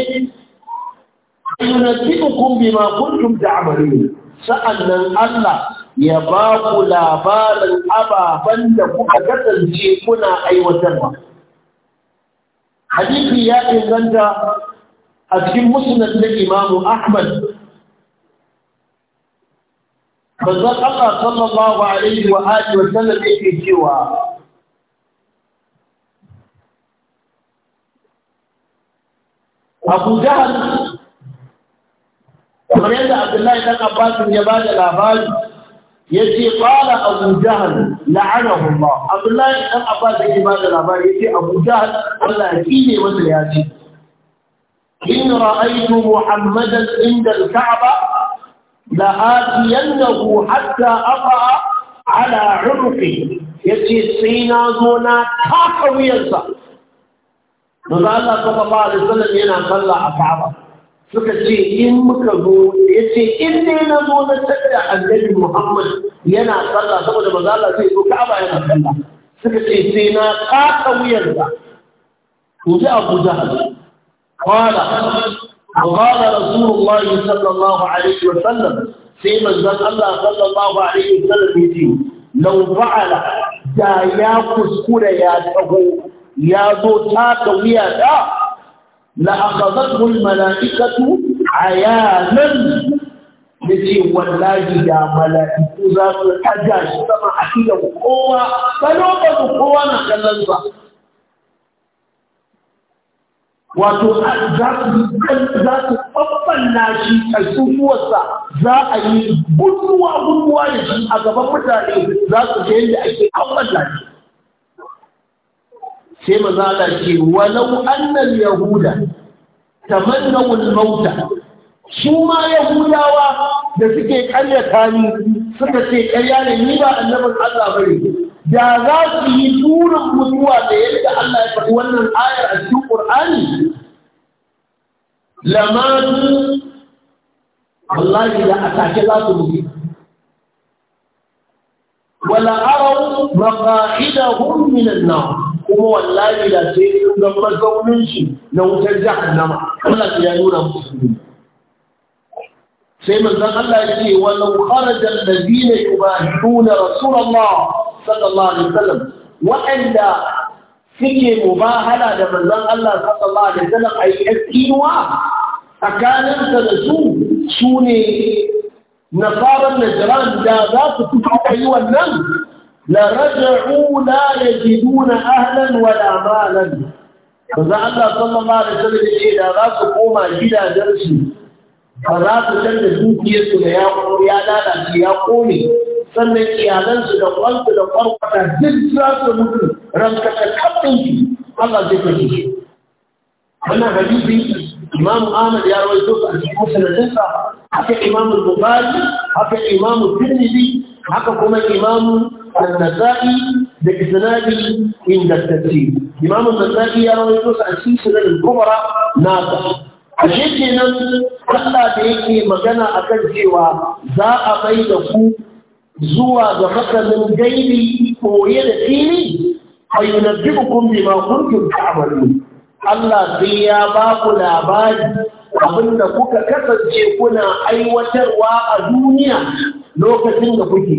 yunatibukum bima kuntum amari sa'annan Allah ya ba ku labarin ababen da kuka kasance kuna aiwatarwa hadisi ya inganta a cikin musnad na Ahmad manzon Allah sallallahu alaihi wa alihi wa sallam yake cewa Abu Jahal kamar yadda Abdullahi dan Abbas ya ba da labari yace qala Abu Jahal la'anahu Allah Abdullahi dan Abbas ya ba da labari yace Abu Jahal Allah ne wanda ya ce in ra'aytu Muhammadan inda al-Ka'ba la'atiyannahu hatta afa'a ala urqi yace sai na zo na taka wuyarsa manzo Allah sallallahu alaihi wasallam yana sallah a Ka'aba suka ce in muka zo yace in ne na zo na tada annabi Muhammad yana sallah saboda manzo Allah zai zo Ka'aba yana sallah suka ce sai na taka wuyarsa to ji Abu Jahal qala وقال رسول الله صلى الله عليه وسلم في منزل الله صلى الله عليه وسلم يجي لو فعل دا يا كسكور يا تهو يا ذو تاك ويا دا لأخذته الملائكة عيانا يجي والله يا ملائكة ذات الحجاج سمع حكيه قوة فلو قوة نخلصها wato za su ɓaɓɓanna shi a sunuwarsa za a yi gudunwa-gudunwa da shi a gaban mutane za su ga yadda ake ɓaɓɓanna shi sai za a ce walau annal yahuda tamannawul mauta su ma yahudawa da suke ƙaryata ni suka ce ƙarya ne ni ba annabin Allah ne da za su yi durin mutuwa da yadda Allah ya faɗi wannan ayar a cikin Qur'ani lamatu wallahi da atake za su mutu wala arau maqa'idahum min an-nar kuma wallahi da sai sun ga mazaunin shi na wutar jahannama Allah ya nuna musu sai manzon Allah ya ce walau kharaja alladhina yubahiduna rasulullah sallallahu alaihi wasallam waɗanda suke mubahala da manzon Allah sallallahu alaihi wasallam a yi tsinuwa tsakaninsa da su su ne Na najiran da za su fito a yi wannan la raja'u la yajiduna ahlan wala malan manzon Allah sallallahu alaihi wasallam ya ce da za su koma gidajensu ba za su canza su da ya lalace ya kone sannan iyalansu da kwansu da kwarkwata duk za su mutu rankata kaɗinsu Allah zai kwanci shi. Wannan hadisi Imam Ahmad ya rawaito a cikin sanadinsa haka Imam Bukhari haka Imam Tirmidhi haka kuma Imam al nasai da isnadi ingantacce. Imam al nasai ya rawaito a cikin sanadin Kubra ta a kenan Allah da yake magana akan cewa za a mai da ku zuwa ga matsalin gaibi koye da fili ma bima ta amalu Allah sai ya ba ku labari abinda kuka kasance kuna aiwatarwa a duniya lokacin da kuke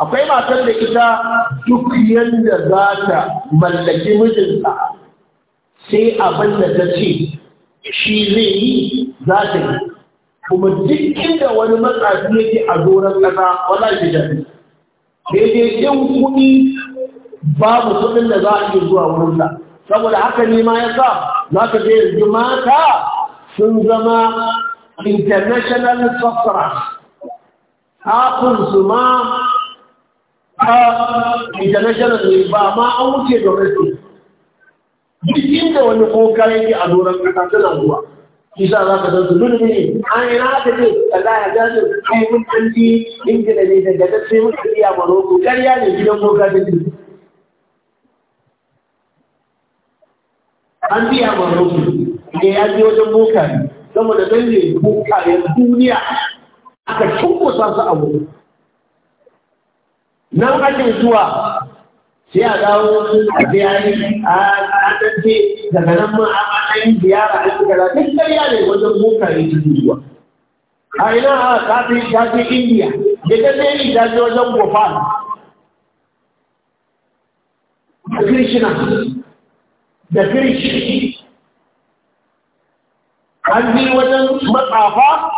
akwai matar da ita duk yadda za ta mallaki mijinta sai abinda ta ce shi zai yi za ta yi kuma duk inda wani matsafi yake a doron ƙasa wala shafi daidai in kuɗi babu kuɗin da za a iya zuwa wurinsa saboda haka ne ma ya sa za ka ga yanzu mata sun zama international sufferers su ma a international ne ba ma an wuce domestic duk inda wani kokarin a doron ƙasa tana zuwa kisa za ka zanzu duk ne an yi na haka ne ka za a gano kai mun kanti ingila ne daga ta sai mun kanti a maroko karya ne gidan boka da ne an biya maroko ne ya je wajen boka ne saboda nan ne bokayen duniya aka cunkusa su a wuri nan ake zuwa sai a dawo a biya ne a ɗan ce daga nan ma a an yi ziyara an shiga da duk ƙarya ne wajen mutane su zuwa a ina a kafin kafin indiya da ta zai ta je wajen gopal da krishna da krish an bi wajen matsafa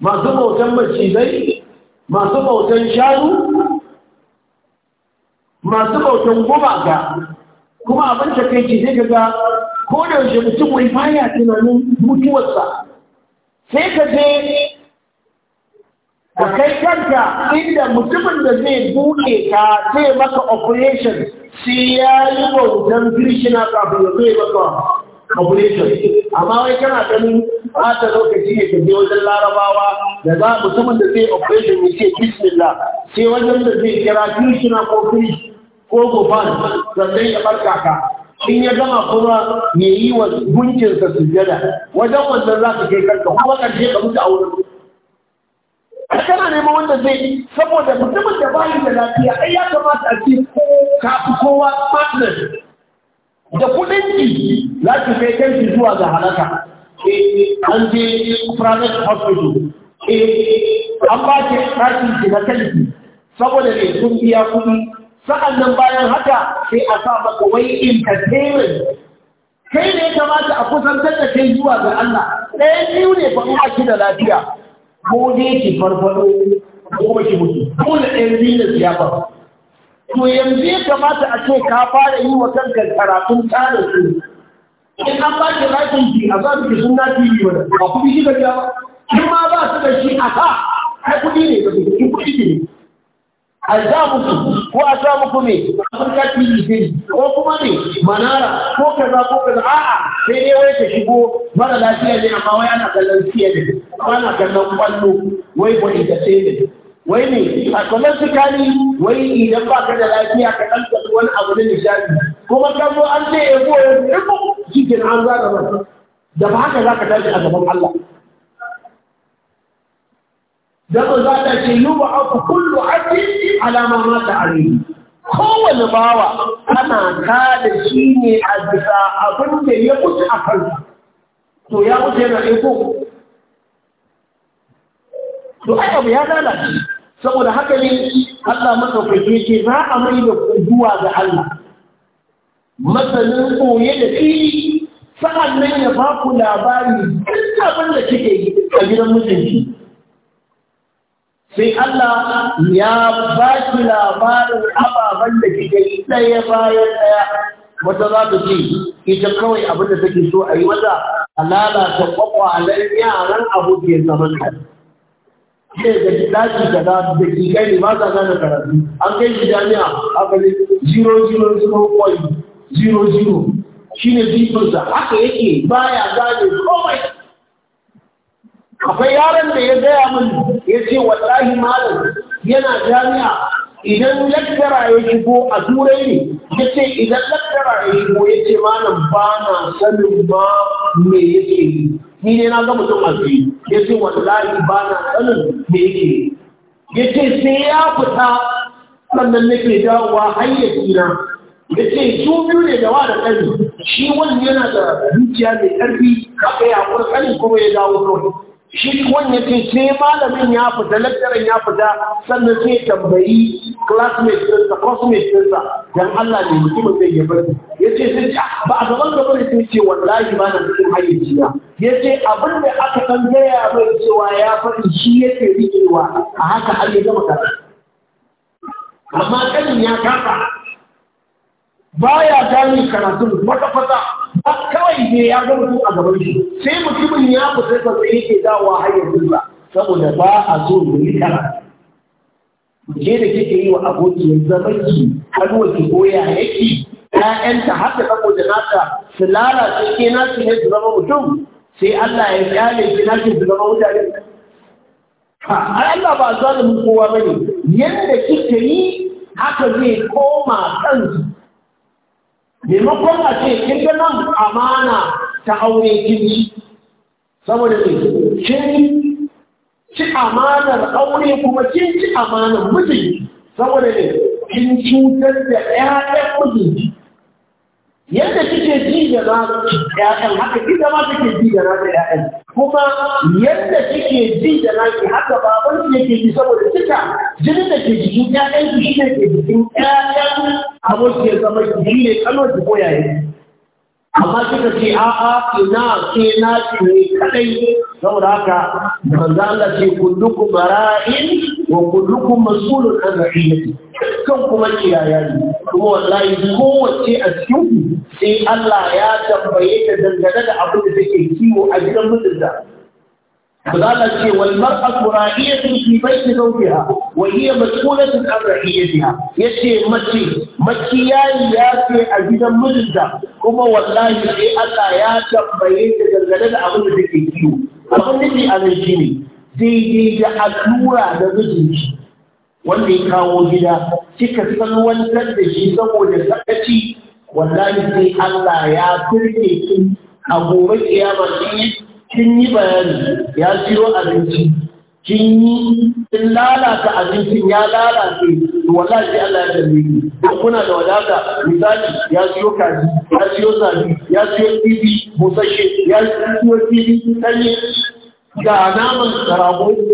masu bautan macizai masu bautan shanu masu bautan guba ga kuma abin da ce zai ga ko da yaushe mutum wai baya tunanin mutuwarsa sai ka je ka kai kanka inda mutumin da zai buɗe ka sai maka operation sai ya yi bautan birshina kafin ya zai maka operation amma wai kana ganin ta lokaci ne je wajen larabawa da za mutumin da zai operation ya ce bismillah sai wajen da zai kira birshina ko fish ko gofan sannan ya barka ka in ya gama kuma ya yi wa gunkinsa jada wajen wannan za ka kai kanka kuma ƙarshe ka mutu a wurin kana neman wanda zai saboda mutumin da bayi da lafiya ai ya kamata a ce ka fi kowa partner da kuɗin ki za ki kai kanki zuwa ga halaka eh, an je private hospital eh, an ba ki ɗakin ki na kanki saboda ne kun biya kuɗi sa'annan bayan haka sai a sa kawai wai kai ne kamata a kusantar da kai zuwa ga Allah ɗayan biyu ne ba in ki da lafiya ko dai ki farfado ko kuma ki mutu ko da ɗayan biyu ne ya faru to yanzu ya kamata a ce ka fara yi wa kanka karatun tsarin su in an ba ki rakin ki a za ki suna ki yi wa ba ku bi shi da ba ma ba su da shi a ka kai kuɗi ne da kuɗi ne alzamuku za ko a sa muku me afirka tv ko kuma ne manara ko kaza ko kaza a'a sai dai wai ka shigo mara lafiya ne amma wai ana kallon siya ne ana kallon kwallo wai ko entertainment wai ne a kwallon kani wai idan ba ka da lafiya ka ɗan wani abu na nishadi kuma ka zo an ce ego ya ɗin shi an zaga da ba haka za ka tashi a gaban Allah zama za ta ce yuba aka kullu abdi alama ma ta alayhi kowane bawa ana kada shi ne a bisa abin da ya mutu a kansa to ya mutu yana aiko to aka abu ya lalace saboda haka ne Allah madaukake ce za a mai da zuwa ga Allah masanin koye da fili sa'an nan ya ba ku labari duk abin da kike yi a gidan mutunci. sai Allah ya ba ki labarin ababen da kike yi ɗaya bayan ɗaya wata za ta ce ita kawai abin da take so a yi mata a lalata kwakwalen yaran abokin zaman kan ke da daji da da da ki gani ba za ka karatu an kai shi jami'a aka ne zero zero zero point zero zero shine jifinsa haka yake baya gane komai akwai yaron da ya gaya min ya ce wallahi malam yana jami'a idan lakkara ya shigo a turai ne ya ce idan lakkara ya shigo ya ce malam ba na sanin ma me yake yi ni ne na ga mutum a ce ya ce wallahi ba na sanin me yake yi ya ce sai ya fita sannan nake dawowa hayyacina ya ce su biyu ne da wa da shi wani yana da zuciya mai ƙarfi haka ya kuma kuma ya dawo kawai shi wani ce sai malamin ya fita lakcaran ya fita sannan sai tambayi classmate ɗinsa classmate ɗinsa don Allah ne mutumin zai yi birni ya ce sun ba a gaban gaba da sun ce wallahi ba na cikin hayyaci na ya ce abin da aka san gaya mai cewa ya faɗi shi yake rikewa a haka an yi gama amma ƙanin ya Ba ya gane karatun kwata kawai ne ya ga mutum a gaban shi sai mutumin ya fita ka tsaye ke dawowa har yanzu ba saboda ba a so da yi kara je da kike yi wa abokiyar zaman ki kalwa ki koya yake ƴaƴanta haka saboda nata su lalace ke nasu ne su zama mutum sai Allah ya kyale ki nasu su zama mutane ai Allah ba zalimin kowa bane yadda kike yi haka zai koma kansu maimakon a ce kin ga nan amana ta aure kinci saboda ne kin ci amanar aure kuma kin ci amana mutum saboda ne kin cutar da ƴaƴan mutum yadda kike ji da za ƴaƴan haka ita ma take ji da naki ƴaƴan kuma yadda kike ji da naki haka baban ki yake ji saboda cika jinin da ke jikin ƴaƴan ki shine ke jikin ƴaƴan abokiyar zama ki ne kano ki koyaye amma suka ce a'a ina ce na ne kadai saboda haka manzo Allah ce kullukum bara'in wa kullukum mas'ulun an ra'iyati kan kuma kiyaya ne kuma wallahi kowace a cikin sai Allah ya tambaye ta dangane da abin da take kiwo a gidan mutunta فقال شيء والمرأة راعية في بيت زوجها وهي مسؤولة عن رعيتها يشي مشي مشي يا ياتي أجد مجدة كما والله شيء ألا يا تبين تجلد أقول لك كيو أقول لك أنا جيني دي دي دا أكلورا دا مجدش wanda ya kawo gida kika san wancan da shi saboda sakaci wallahi sai Allah ya turke ki a gobe kiyama shi kin yi bayani ya siyo abinci kin yi kin lalata abincin ya lalace to wallahi sai Allah ya ki kuna da wadata misali ya siyo kaji ya siyo zabi ya siyo tv busasshe ya siyo tv tanye ga naman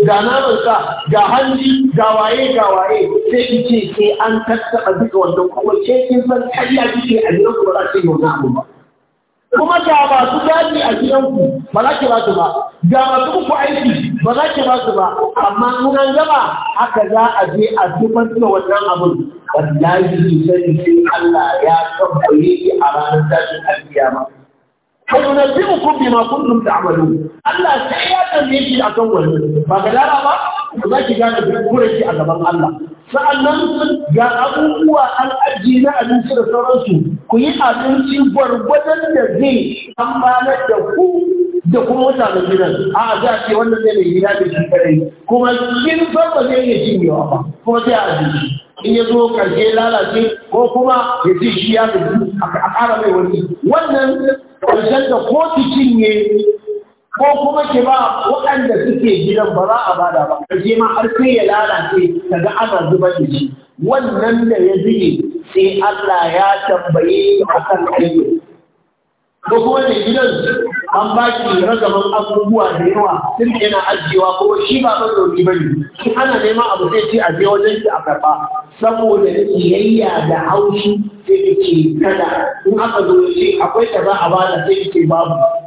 ga naman sa ga hanji ga waye ga waye sai ki ce sai an tattaka duka wannan kuma ce kin san kariya kike a gidan ku ba za yi ba kuma ga masu gadi a gidanku ba za ki ba ba ga masu kuku aiki ba za ki ba ba amma in zama aka za a je a zubar da wannan abin wallahi ki sani sai Allah ya tambaye ki a ranar tashin alkiyama fa yunabbi'ukum bima kuntum amalu Allah sai ya tambaye ki akan wannan ba ga dara ba ba za ki gane kuranki a gaban Allah sa'annan ga abubuwa an ajiye na abinci da sauransu ku yi abinci gwargwadon da zai amfanar da ku da kuma wata gidan a za a ce wannan zai mai gida da shi kare kuma kin san ba zai iya cinyewa ba ko zai a abinci in ya zo karshe lalace ko kuma ya ji shi ya gaji a ƙara mai wani wannan ƙarshen da kotu cinye ko kuma ke ba waɗanda suke gidan ba za a bada ba ƙarshe ma har sai ya lalace ka ga ana zubar da shi wannan da ya zube sai Allah ya tambaye a kan aiki ko kuma da gidan an ba ki ragaman abubuwa da yawa tun yana ajiyewa ko shi ba mazauni ba ne shi ana neman abu sai ce a je wajen shi a karɓa saboda yayya da haushi sai ki ce kada in aka zo shi akwai ta za a bada sai ki babu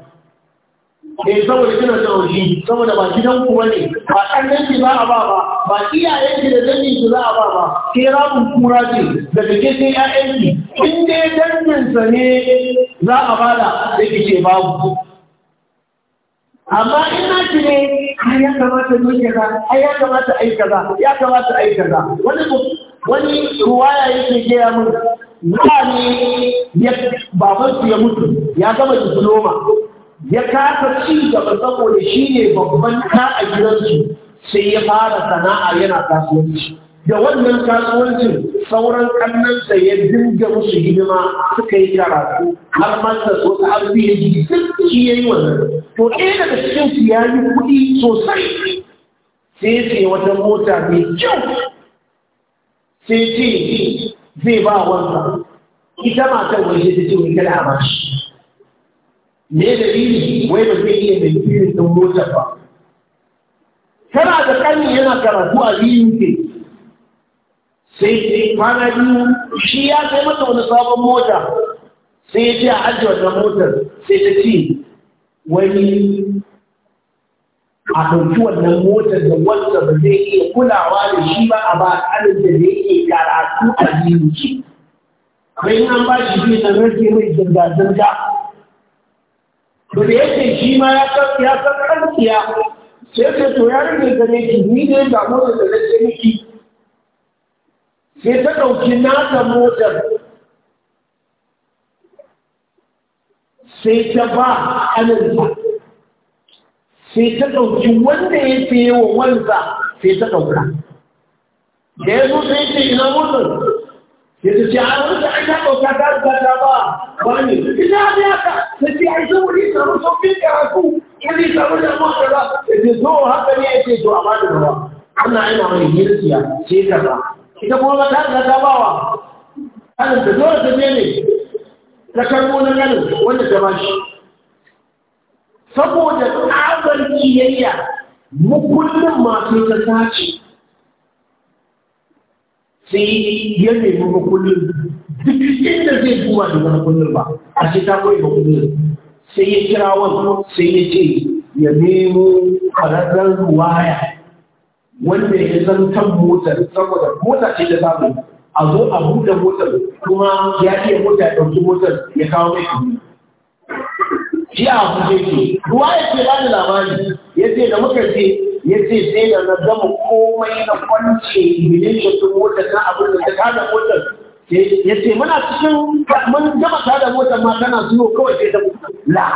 eh saboda kina tsawoji saboda ba gidan ku bane ba kannan ki za a ba ba ba iyayen ki da dangin ki za a ba ba ke rabun kura ce da kake sai ƴaƴan ki in dai dangin sa ne za a bada da kike babu amma in na ki ne ai ya kamata mu yi kaza ai ya kamata ai kaza ya kamata ai kaza wani wani ruwaya yake ke ya mun ne ya babansu ya mutu ya gama diploma ya kasa ci gaba saboda shi ne babban ka a gidansu sai ya fara sana'a yana kasuwanci da wannan kasuwancin sauran kannansa ya dinga musu hidima suka yi karatu har masa wasu arziki duk shi ya yi wannan to ɗaya daga cikin su ya yi kuɗi sosai sai sai wata mota mai kyau sai ce zai ba wanda ita matan waje ta ce wani kada a bashi me dalili wai ba zai iya mai filin ɗin motar ba tana da ƙani yana karatu a biyu ke sai ce kwana biyu shi ya kai mata wani sabon mota sai ya ce a ajiye wannan motar sai ta ce wani a ɗauki wannan motar da wanda ba zai iya kulawa da shi ba a ba da zai iya karatu a biyu ke. Bayan an ba shi biyu na rage mai zirga-zirga to da yake shi ma ya san ya san kanciya sai ce to ya rage gare ki ni ne ga motar da nake miki sai ta ɗauki nata motar sai ta ba alinsa sai ta ɗauki wanda ya fiye wa wanza sai ta ɗauka da ya zo sai ce ina motar ya ce a wani an ta ɗauka ta riga ta ba ba ne ina ne haka ta ce ai sun wuri samun sauƙin karatu wuri samu samun da ba ya ce zo haka ne ya ce to a ba da ruwa ana ina mai hirsiya ce ka ba ita kuma ta riga ta ba wa kanin ta dole ta ne ta karɓo na kanin wanda ta ba shi saboda tsabar kiyayya mukullin masu ta sace sai ya nemi kullum, duk inda zai duba da wani kullum ba a ce ta ba kullum. sai ya kira wani sai ya ce ya nemo kwararren ruwaya wanda ya tan motar saboda mota ce da samu a zo a buɗe motar kuma ya iya mota ya ɗauki motar ya kawo mai kuma shi a abu ce ruwa ya ce ba da labari ya ce da muka ce ya ce sai da na gama komai na kwance milishin sun motar na abin da ta kada motar ya ce muna cikin mun gama kada motar ma tana zuwa kawai sai ta la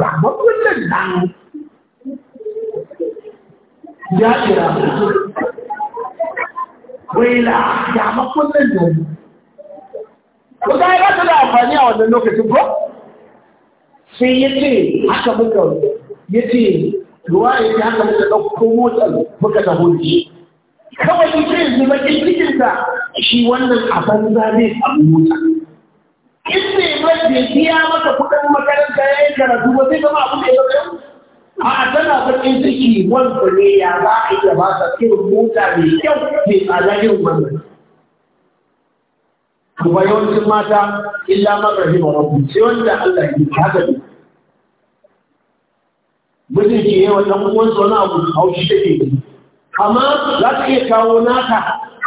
ya mabullin nan ya kira la ya mabullin nan ko ga ba ta da amfani a wannan lokacin ko sai ya ce haka muka ya ce ruwa ya ce haka muka ɗauko motsar muka taho kawai shi kawai ita yanzu bakin shi wannan a banza zai samu in ne mace biya maka kuɗin makaranta ya yi karatu ba zai zama abin da ya zama a tana bakin ciki wanda ne ya za a iya ba ta irin mota mai kyau mai tsada irin wannan kuma yawancin mata illa mara rahima rabbi sai wanda Allah ya yi haka ne mutum ke yi wa ɗan uwansa wani abu haushi da ke amma za ka iya kawo naka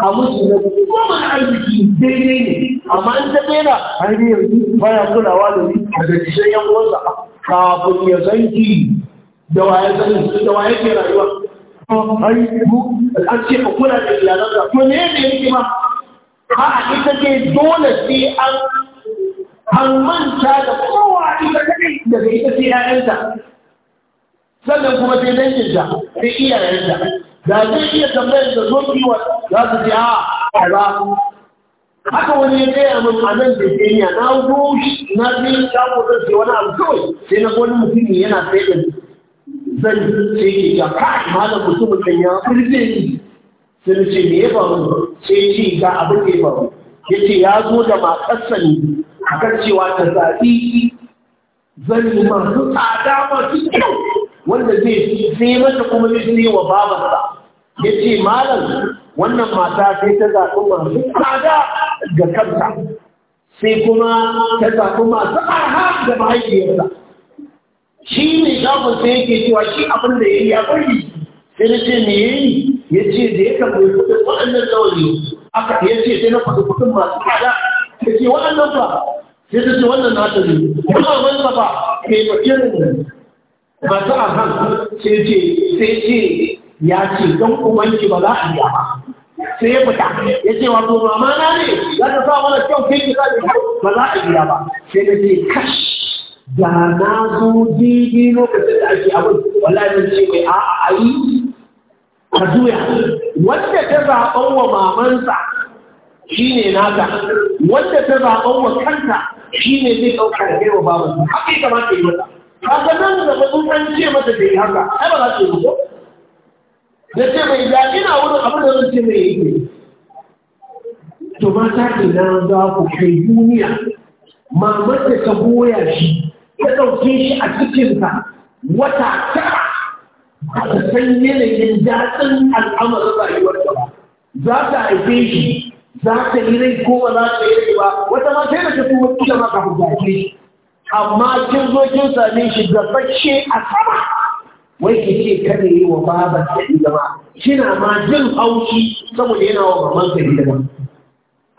a musu na goma arziki daidai ne amma in ta daina yi yanzu baya kulawa da ni a gajiya yan uwansa kafin ya zanki da waye zanki da waye ke rayuwa ai ku an ce ka kula da iyalan ka to ne ne yake ba a a ita ce dole sai an an manta da kowa ita kadai daga ita sai 'ya'yanta sannan kuma sai dangin da sai iyayen da da zai iya tambayar da zo wa za su ce a ba haka wani ya gaya min a nan da kenya na zo na je shago zan ce wani abu kawai sai na wani mutum yana sai da zan ce ke ga kai malam mutumin da ya kurje ni sai ce me ya faru sai ce ga abin da ya faru ya ce ya zo da matarsa ne a kan cewa ta zaɓi zan yi masu tsada masu kyau wanda zai sai mata kuma zai sai wa babansa ya ce malam wannan mata sai ta zaɓi masu tsada ga kanta sai kuma ta zaɓi masu arha da mahaifiyarsa shi mai shafin sai yake cewa shi abin da ya yi ya bari sai na ce me ya yi ya ce da ya kan bai kudin waɗannan launi aka ya ce sai na faɗi kudin masu tsada ya ce waɗannan ba sai ta ce wannan na ta ne kuma wani ba ba ke ba irin ba a kan sai ce sai ce ya ce don ubanki ba za a biya ba sai ya fita ya ce wato mama na ne za ta sa mana kyau sai ki za ta ba za a biya ba sai na ce kash da na zo daidai lokacin da ake abin wallahi zan ce mai a'a ayi ka juya wanda ta zaɓan wa mamansa shi ne naka wanda ta zaɓan wa kanta shi ne zai ɗaukar wa babu haka kamar kamata yi mata Haka nan da in an ce mata da yi haka ai ba za su yi ko da ce mai ya ina wurin abin da zan ce mai yake to mata na za ku kai duniya mamar da ta goya shi ta ɗauke shi a cikinsa wata tara ba san yanayin daɗin al'amar rayuwarsa ba za ta haife shi za ta yi rai ko ba za ta yi rai ba wata ma sai da ta kuma kila ma kafin ta haife shi amma kin zo kin same shi gabacce a sama wai ki ce kada yi wa baba ta zama kina ma jin haushi saboda yana wa maman ka zama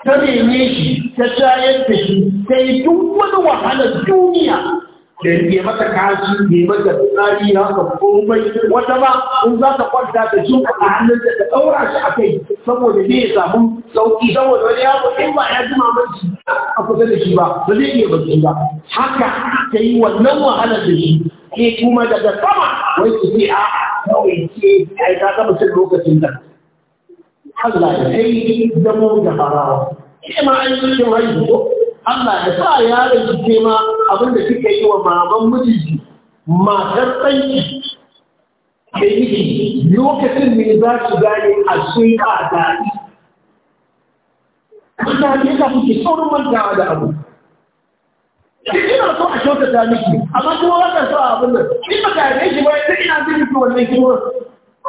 ta neme shi ta shayar da shi ta yi duk wani wahalar duniya da ya mata kashi ne mata tsari ya haka komai wata ba in za ta kwanta da shi a hannun da ta ɗaura shi a kai saboda ne ya samu sauki saboda wani ya ko in ba ya ji a kusa da shi ba ba zai iya bacci ba haka ta yi wannan wahalar da shi ke kuma daga sama wai su ce a kawai ke ai ta taɓa cin lokacin da Allah ya kai zamo da farawa. Ina ma an yi cin haihu Allah ya sa yaron ki ke ma abin da kika yi wa maman mijinki matar tsanki da yi lokacin ne za su gane a sun a daɗi. Kuna ne ka kuke saurin mantawa da abu. Ina so a kyautata miki, amma kuma wannan sa a abin nan, in ba ka yi shi ba yadda ina zai miki wannan kuma.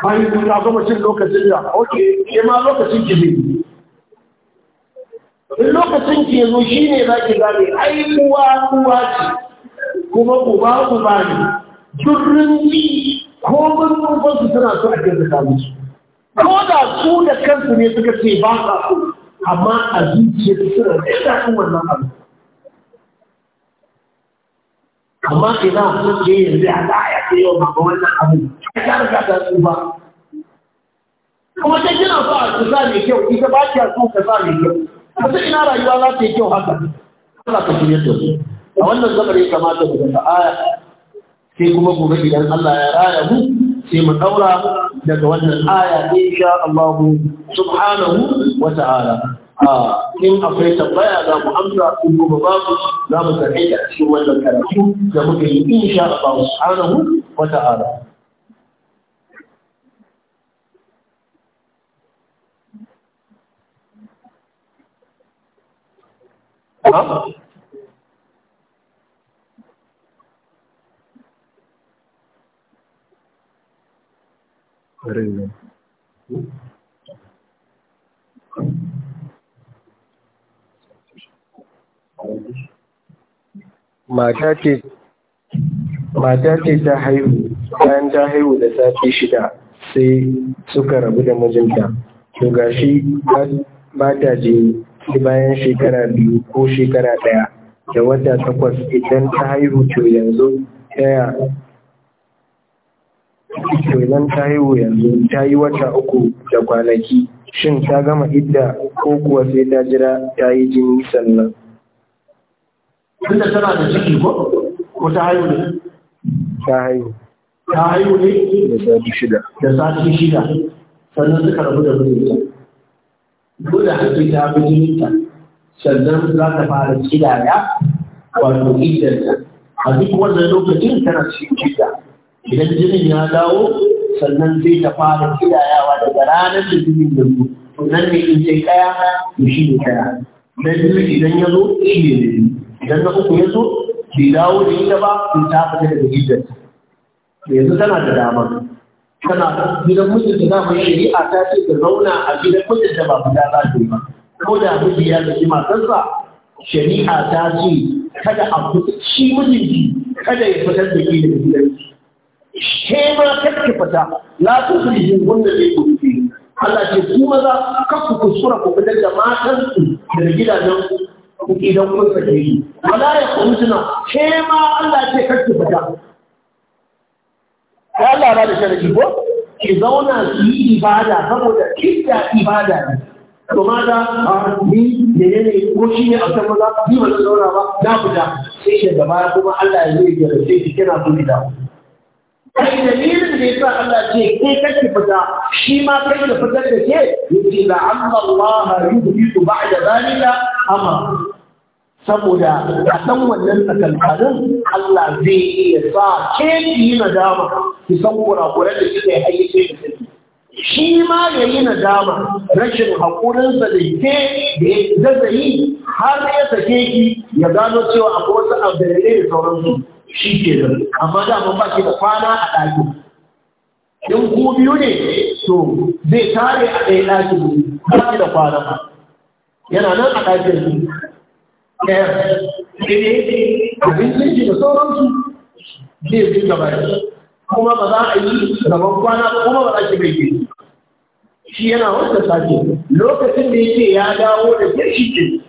Bayan kuma gama cin lokacin da, ok, ke ma lokacin ki zai lokacin ke zo shi ne za ki zane ai kuwa ce kuma uba uba ne Durin ji ko birnin wasu suna su a kirkita su. ko da su da kansu ne suka ce ba sa su amma a zuciya su suna da daɗin wannan abu amma idan kun je yanzu a za a yau ba wannan abu ya ta riga ta tsufa kuma ta gina fa a su sa mai kyau ita ba ta so ka sa mai kyau Wasu ina rayuwa za ta yi kyau haka, Allah ka shirya da A wannan zamar ya kamata mu daga aya, sai kuma gobe idan Allah ya raya mu, sai mu ɗaura daga wannan aya insha Allah subhanahu wa ta'ala. in akwai tambaya za mu amsa in kuma babu za mu sake da cikin wannan karatu da muka yi insha Allah subhanahu wa ta'ala Mata ce ta haihu bayan ta haihu da sati shida sai suka rabu da mijinta. To gashi ba ta jini sai bayan shekara biyu ko shekara ɗaya da wata takwas idan ta haihu to yanzu daya idan ta haihu yanzu ta yi wata uku da kwanaki shin ta gama idda ko kuwa sai ta jira ta yi jini sannan tunda tana da ciki ko ko ta haihu ne ta haihu ta haihu ne da sati shida da sati shida sannan suka rabu da mijinta dole haƙi ta bijirinta sannan za ta fara kidaya wato idanta a duk wannan lokacin tana cikin kida idan jinin ya dawo sannan zai ta fara kidayawa daga ranar da jinin da zo nan ne in sai kaya to shi ne kaya na biyu idan ya zo shi ne biyu idan na uku ya zo bai dawo da ita ba in ta fita daga iddarta yanzu tana da damar kana gidan mijin da zamu yi shari'a ta ce ta zauna a gidan mijin da ba da za yi ba ko da miji ya saki matarsa shari'a ta ce kada a fita shi mijinki kada ya fitar da ke daga gidanki ke ma kake fita la tusrijin wanda zai kuɗi Allah ce ku maza kan ku kuskura ku fitar da matan daga gidajen ku idan kun sake yi wala ya kuma ke ma Allah ce ki fita ko Allah ba da sharadi ko ki zauna ki yi ibada saboda kidda ibada ne to maza a ni da yanayi ko shi ne a kan maza ni ba zan zauna ba na fita sai shi gaba kuma Allah ya zai garace ki kina so ki dawo kai dalilin da yasa Allah ce kai kake fita shi ma kai da fitar da ke yace la Allah yudhibu ba'da zalika Amma? saboda a san wannan tsakankanin Allah zai iya sa ke ki yi nadama ki san kurakuran da kika yi da shi ma ya yi nadama rashin haƙurinsa da ke da ya zazzayi har ya sake ki ya gano cewa akwai wasu abdalilai da sauransu shi ke da amma da ba ki da kwana a ɗaki in ku biyu ne to zai tare a ɗaya ɗakin ba ki da kwana ba yana nan a ɗakin ɗaya ɗaya abincin shi da sauransu zai fi gaba kuma ba za a yi gaban kwana ba kuma ba za ki bai gini shi yana wata sace lokacin da yake ya dawo da kirshi ce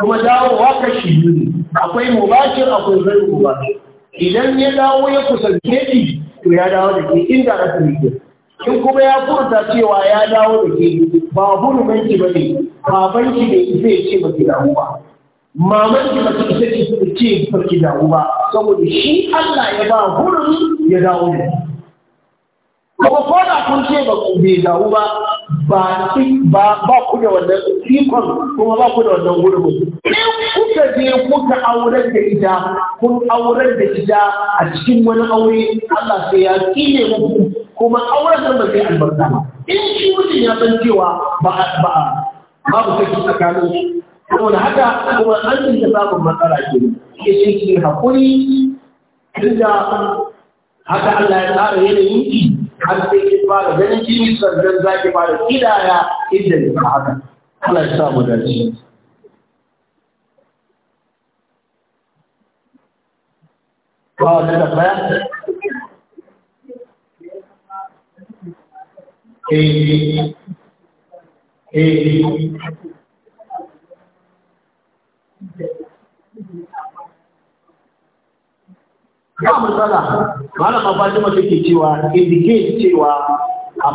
kuma dawowa kashi shi ne akwai mu mubashir akwai zai mubashir idan ya dawo ya kusance ki to ya dawo da ke inda na kirki in kuma ya furta cewa ya dawo da ke ba hulumanki ba ne Ba banki ne zai ce ba ki damu ba maman ki ba ta isa ki su ce ba dawo ba saboda shi Allah ya ba hurumi ya dawo da kuma ko da kun ce ba ku bai dawo ba ba ba ba ku da wannan ikon kuma ba ku da wannan hurumin in kuka je kuka aurar da ita kun aurar da ita a cikin wani aure Allah sai ya kine muku kuma auren nan ba sai albarka ba in shi mutum ya san cewa ba ba babu saki tsakanin saboda haka kuma an tsinta samun matsala ke ke shi ke haƙuri inda haka Allah ya tsara yanayi har sai ki fara ganin jini sannan za ki fara kidaya inda ne ka haka Allah ya sa mu dace ba wata tambaya eh eh ba matsala malama fatima ke cewa indicate cewa a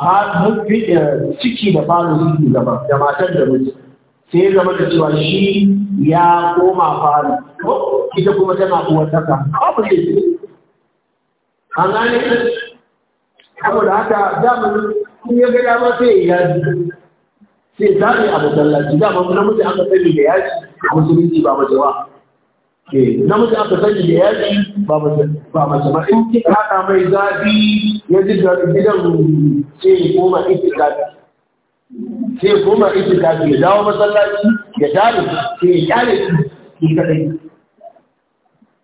eh, ciki da falo ciki gaba da matar da miji sai ya zama da cewa shi ya koma falo ita kuma tana uwar saka abu ne an gane saboda haka daman in ya gada ma sai ya yaji sai zaɓe a masallaci daman namiji aka sani da yaji a musulunci ba mace ba Eh, namiji aka sani da yaji ba mace ba in kika haɗa mai zafi ya ji gidan sai koma itikafi sai koma itikafi ya dawo masallaci ya tare sai ya kyale ki kadai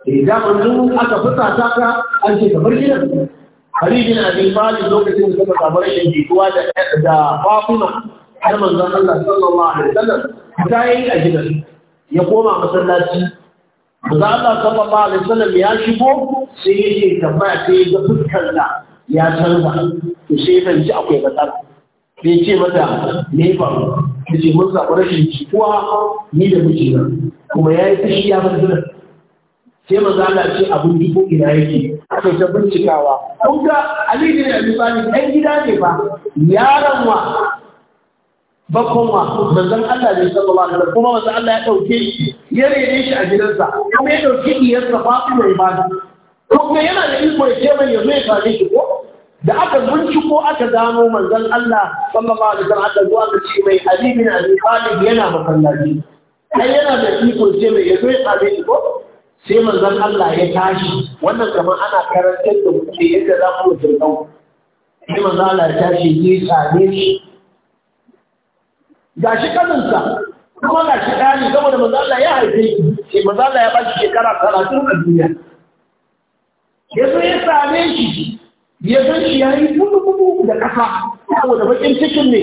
idan eh, mun aka fita ta ka an ce kamar gidan Ali bin Abi Talib lokacin da suka samu rashin jituwa da da fafuna, har manzon Allah sallallahu alaihi wasallam ta yi a gidan ya koma masallaci da Allah sallallahu alaihi wasallam ya shigo sai ce tambaya sai ya ga fuskar da ya canza to sai ya ji akwai matsala. Sai ce mata ne ba ta ce mun zaɓi rashin kuwa ni da mijina kuma ya yi fushi ya manzana. Sai maza Allah ce abin dubu ina yake aka ta bincikawa. Kun ga Ali bin Abi Talib ɗan gida ne ba yaron wa bakon wa manzon Allah ne sallallahu ba wasallam kuma manzon Allah ya ɗauke shi ya rene shi a gidansa kuma ya dauki diyarsa Fatima ibada kuma yana da iko ya ce mai ya zo ya same shi ko da aka binciko aka gano manzon Allah sallallahu alaihi wasallam aka zo ka ce mai Ali bin Abi Talib yana masallaci ai yana da iko ce mai ya zo ya same shi ko sai manzan Allah ya tashi wannan kamar ana karantar da mutum yadda za mu turkau sai za Allah ya tashi ya same shi ga shi kaninsa kuma ga shi ɗani saboda mazala ya haife shi mazala ya bashi shekara talatin a duniya ya ya same shi ya san shi ya yi gudu da ƙasa saboda bakin cikin ne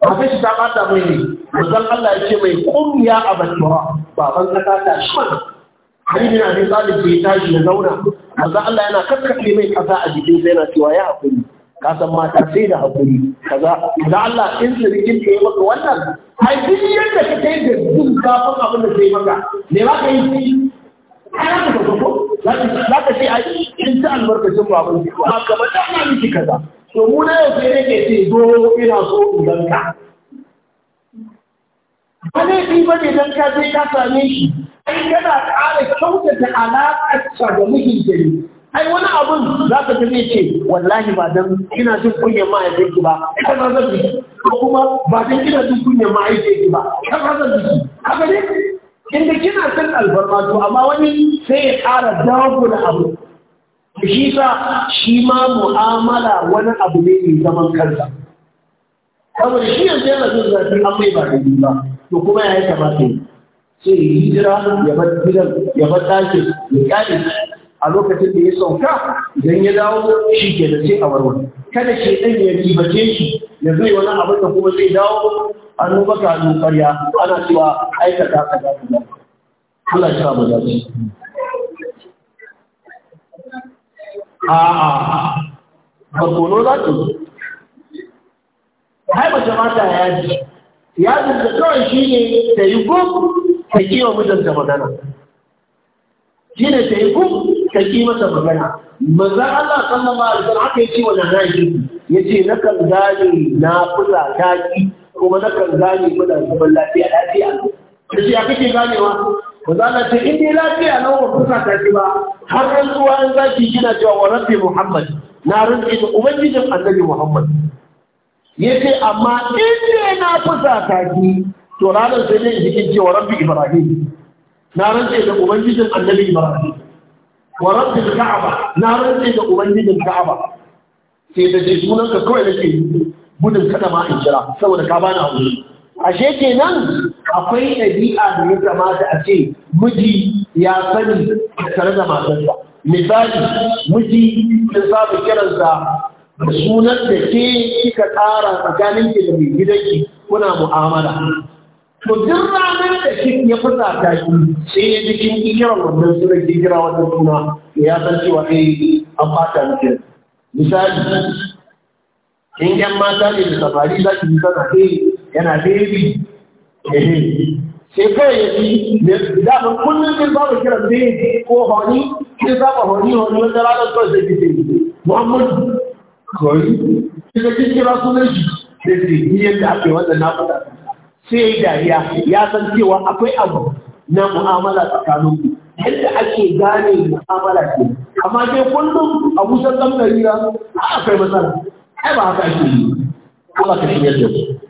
a shi ta ɓata mai ne mazan Allah ya ce mai ƙun ya ba baban ƙasa ta shi mana har yana ne tsalin bai tashi da zauna mazan Allah yana kakkaɓe mai ƙasa a sai yana cewa ya haƙuri ka san mata sai da hakuri kaza da Allah in rikin ka yi maka wannan ai duk yadda ka kai da duk kafin abin da sai maka me ba ka yi ana ka za ka ce ai in ta albarkacin babu ko haka ba ta miki kaza to mu na yau sai ke ce zo ina so in ka ba laifi ba ne dan ka sai ka same shi ai kana ƙara kyautata alaƙarsa da mijinta ne ai wani abun za ka tafi ce wallahi ba dan ina jin kunyar ki ba ita ma zan biki ko kuma ba dan ina jin kunyar ki ba ita ma zan biki haka ne inda kina san albarma to amma wani sai ya ƙara dawo da abu shi sa shi ma mu'amala wani abu ne mai zaman kansa saboda shi yanzu yana jin zafi an mai ba daidai ba to kuma ya yi kamata sai ya hijira ya bar gidan ya bar ɗakin ya ƙare a lokacin da ya sauka don ya dawo shi ke da sai a warware kada ke ɗan ya ribace shi ya zai wani abin da kuma zai dawo an baka hannun karya ana cewa aikata ka za ka Allah ya sa mu dace a'a barkono za ta hai mace mata ya ji ya da kawai shi ne ta yi gum ta kiwa mijinta magana shi ne ta yi gum ka yi masa magana maza Allah sallallahu alaihi wasallam haka yace wannan Ya yace na kan gane na kula ta ki kuma na kan gane kula zuban lafiya lafiya aka ya kake ganewa maza Allah ce in dai lafiya na ba kusa ta ki ba har ran zuwa an zaki kina cewa wa rabbi muhammad na rinke da ubangijin annabi muhammad yace amma inda na kusa ta ki to ranar sai ne jikin cewa rabbi ibrahim na rantse da ubangijin annabi ibrahim wa ka'aba na rantse da ubangijin ka'aba sai da ce sunan ka kawai nake gudun kada ma in jira saboda ka bani hakuri ashe kenan akwai ɗabi'a da ya kamata a ce miji ya sani tare da matarsa misali miji ya saba kiransa da sunan da ke kika tsara ki da mai gidanki kuna mu'amala to duk ranar da shi ya fita ta shi sai ya ji kin kira wannan suna kira wannan kuma ya san cewa eh an fata miki misali in yan mata ne da safari za ki yi sana eh, yana baby eh sai kai ya ji da ban kullun sai babu kira baby ko honi sai ba honi honi wanda ranar ko sai ki ce muhammadu kawai kika kira sunan shi sai ki yi yadda ake wannan na fata sai ya dariya ya san cewa akwai abu na mu'amala tsakanin ku yadda ake gane mu'amala ce amma dai kullum a san ɗan na a akwai matsala ai ba haka ake yi Allah ka shirya da su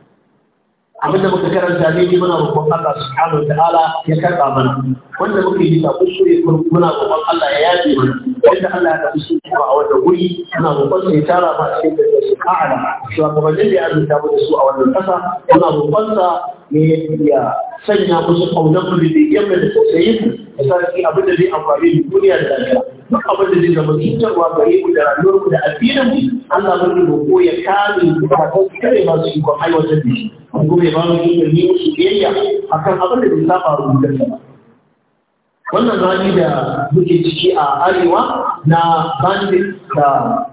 abinda muka karanta ne muna roƙon Allah subhanahu wa ta'ala ya karɓa mana wanda muke yi sako so ya muna roƙon Allah ya yake mana wanda Allah ya tafi so kuma a wannan wuri muna roƙon sa ya tara ma cikin da su ka'ala shugabannin da ya azurta mu da su a wannan ƙasa muna roƙon sa ya sanya musu ƙaunar mu da yamma da tausayin Ya sa su abin da zai amfani da duniya da lafiya duk abin da zai zama cutarwa gare mu da rayuwar mu da addinin mu Allah mun roƙo ya kare mu da kare masu ikon aiwatar da shi an kuma ya bamu shi ilmi da shigiyayya a kan abin da bai saba rubutar ba wannan rani da muke ciki a arewa na bandit da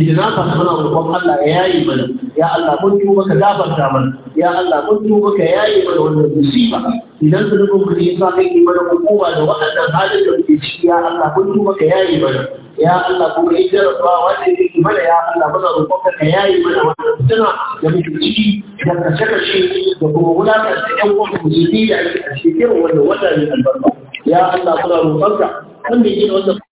Idan ka muna roƙon Allah ya yaye mana, ya Allah mun tuba ka gafarta mana, ya Allah mun tuba ka yaye mana wannan musiba. Idan ka nufin ka yasa kai mana hukuma da wannan halin da muke ciki ya Allah mun tuba ka yaye mana. Ya Allah kuma in jarabawa wanda yake mana ya Allah muna roƙon ka ka yaye mana wannan fitina da muke ciki da saka shi da kuma wulaƙanta ƴan uwan musulmi da ake a cikin wannan wata ne albarka. Ya Allah muna roƙon ka me yake da wannan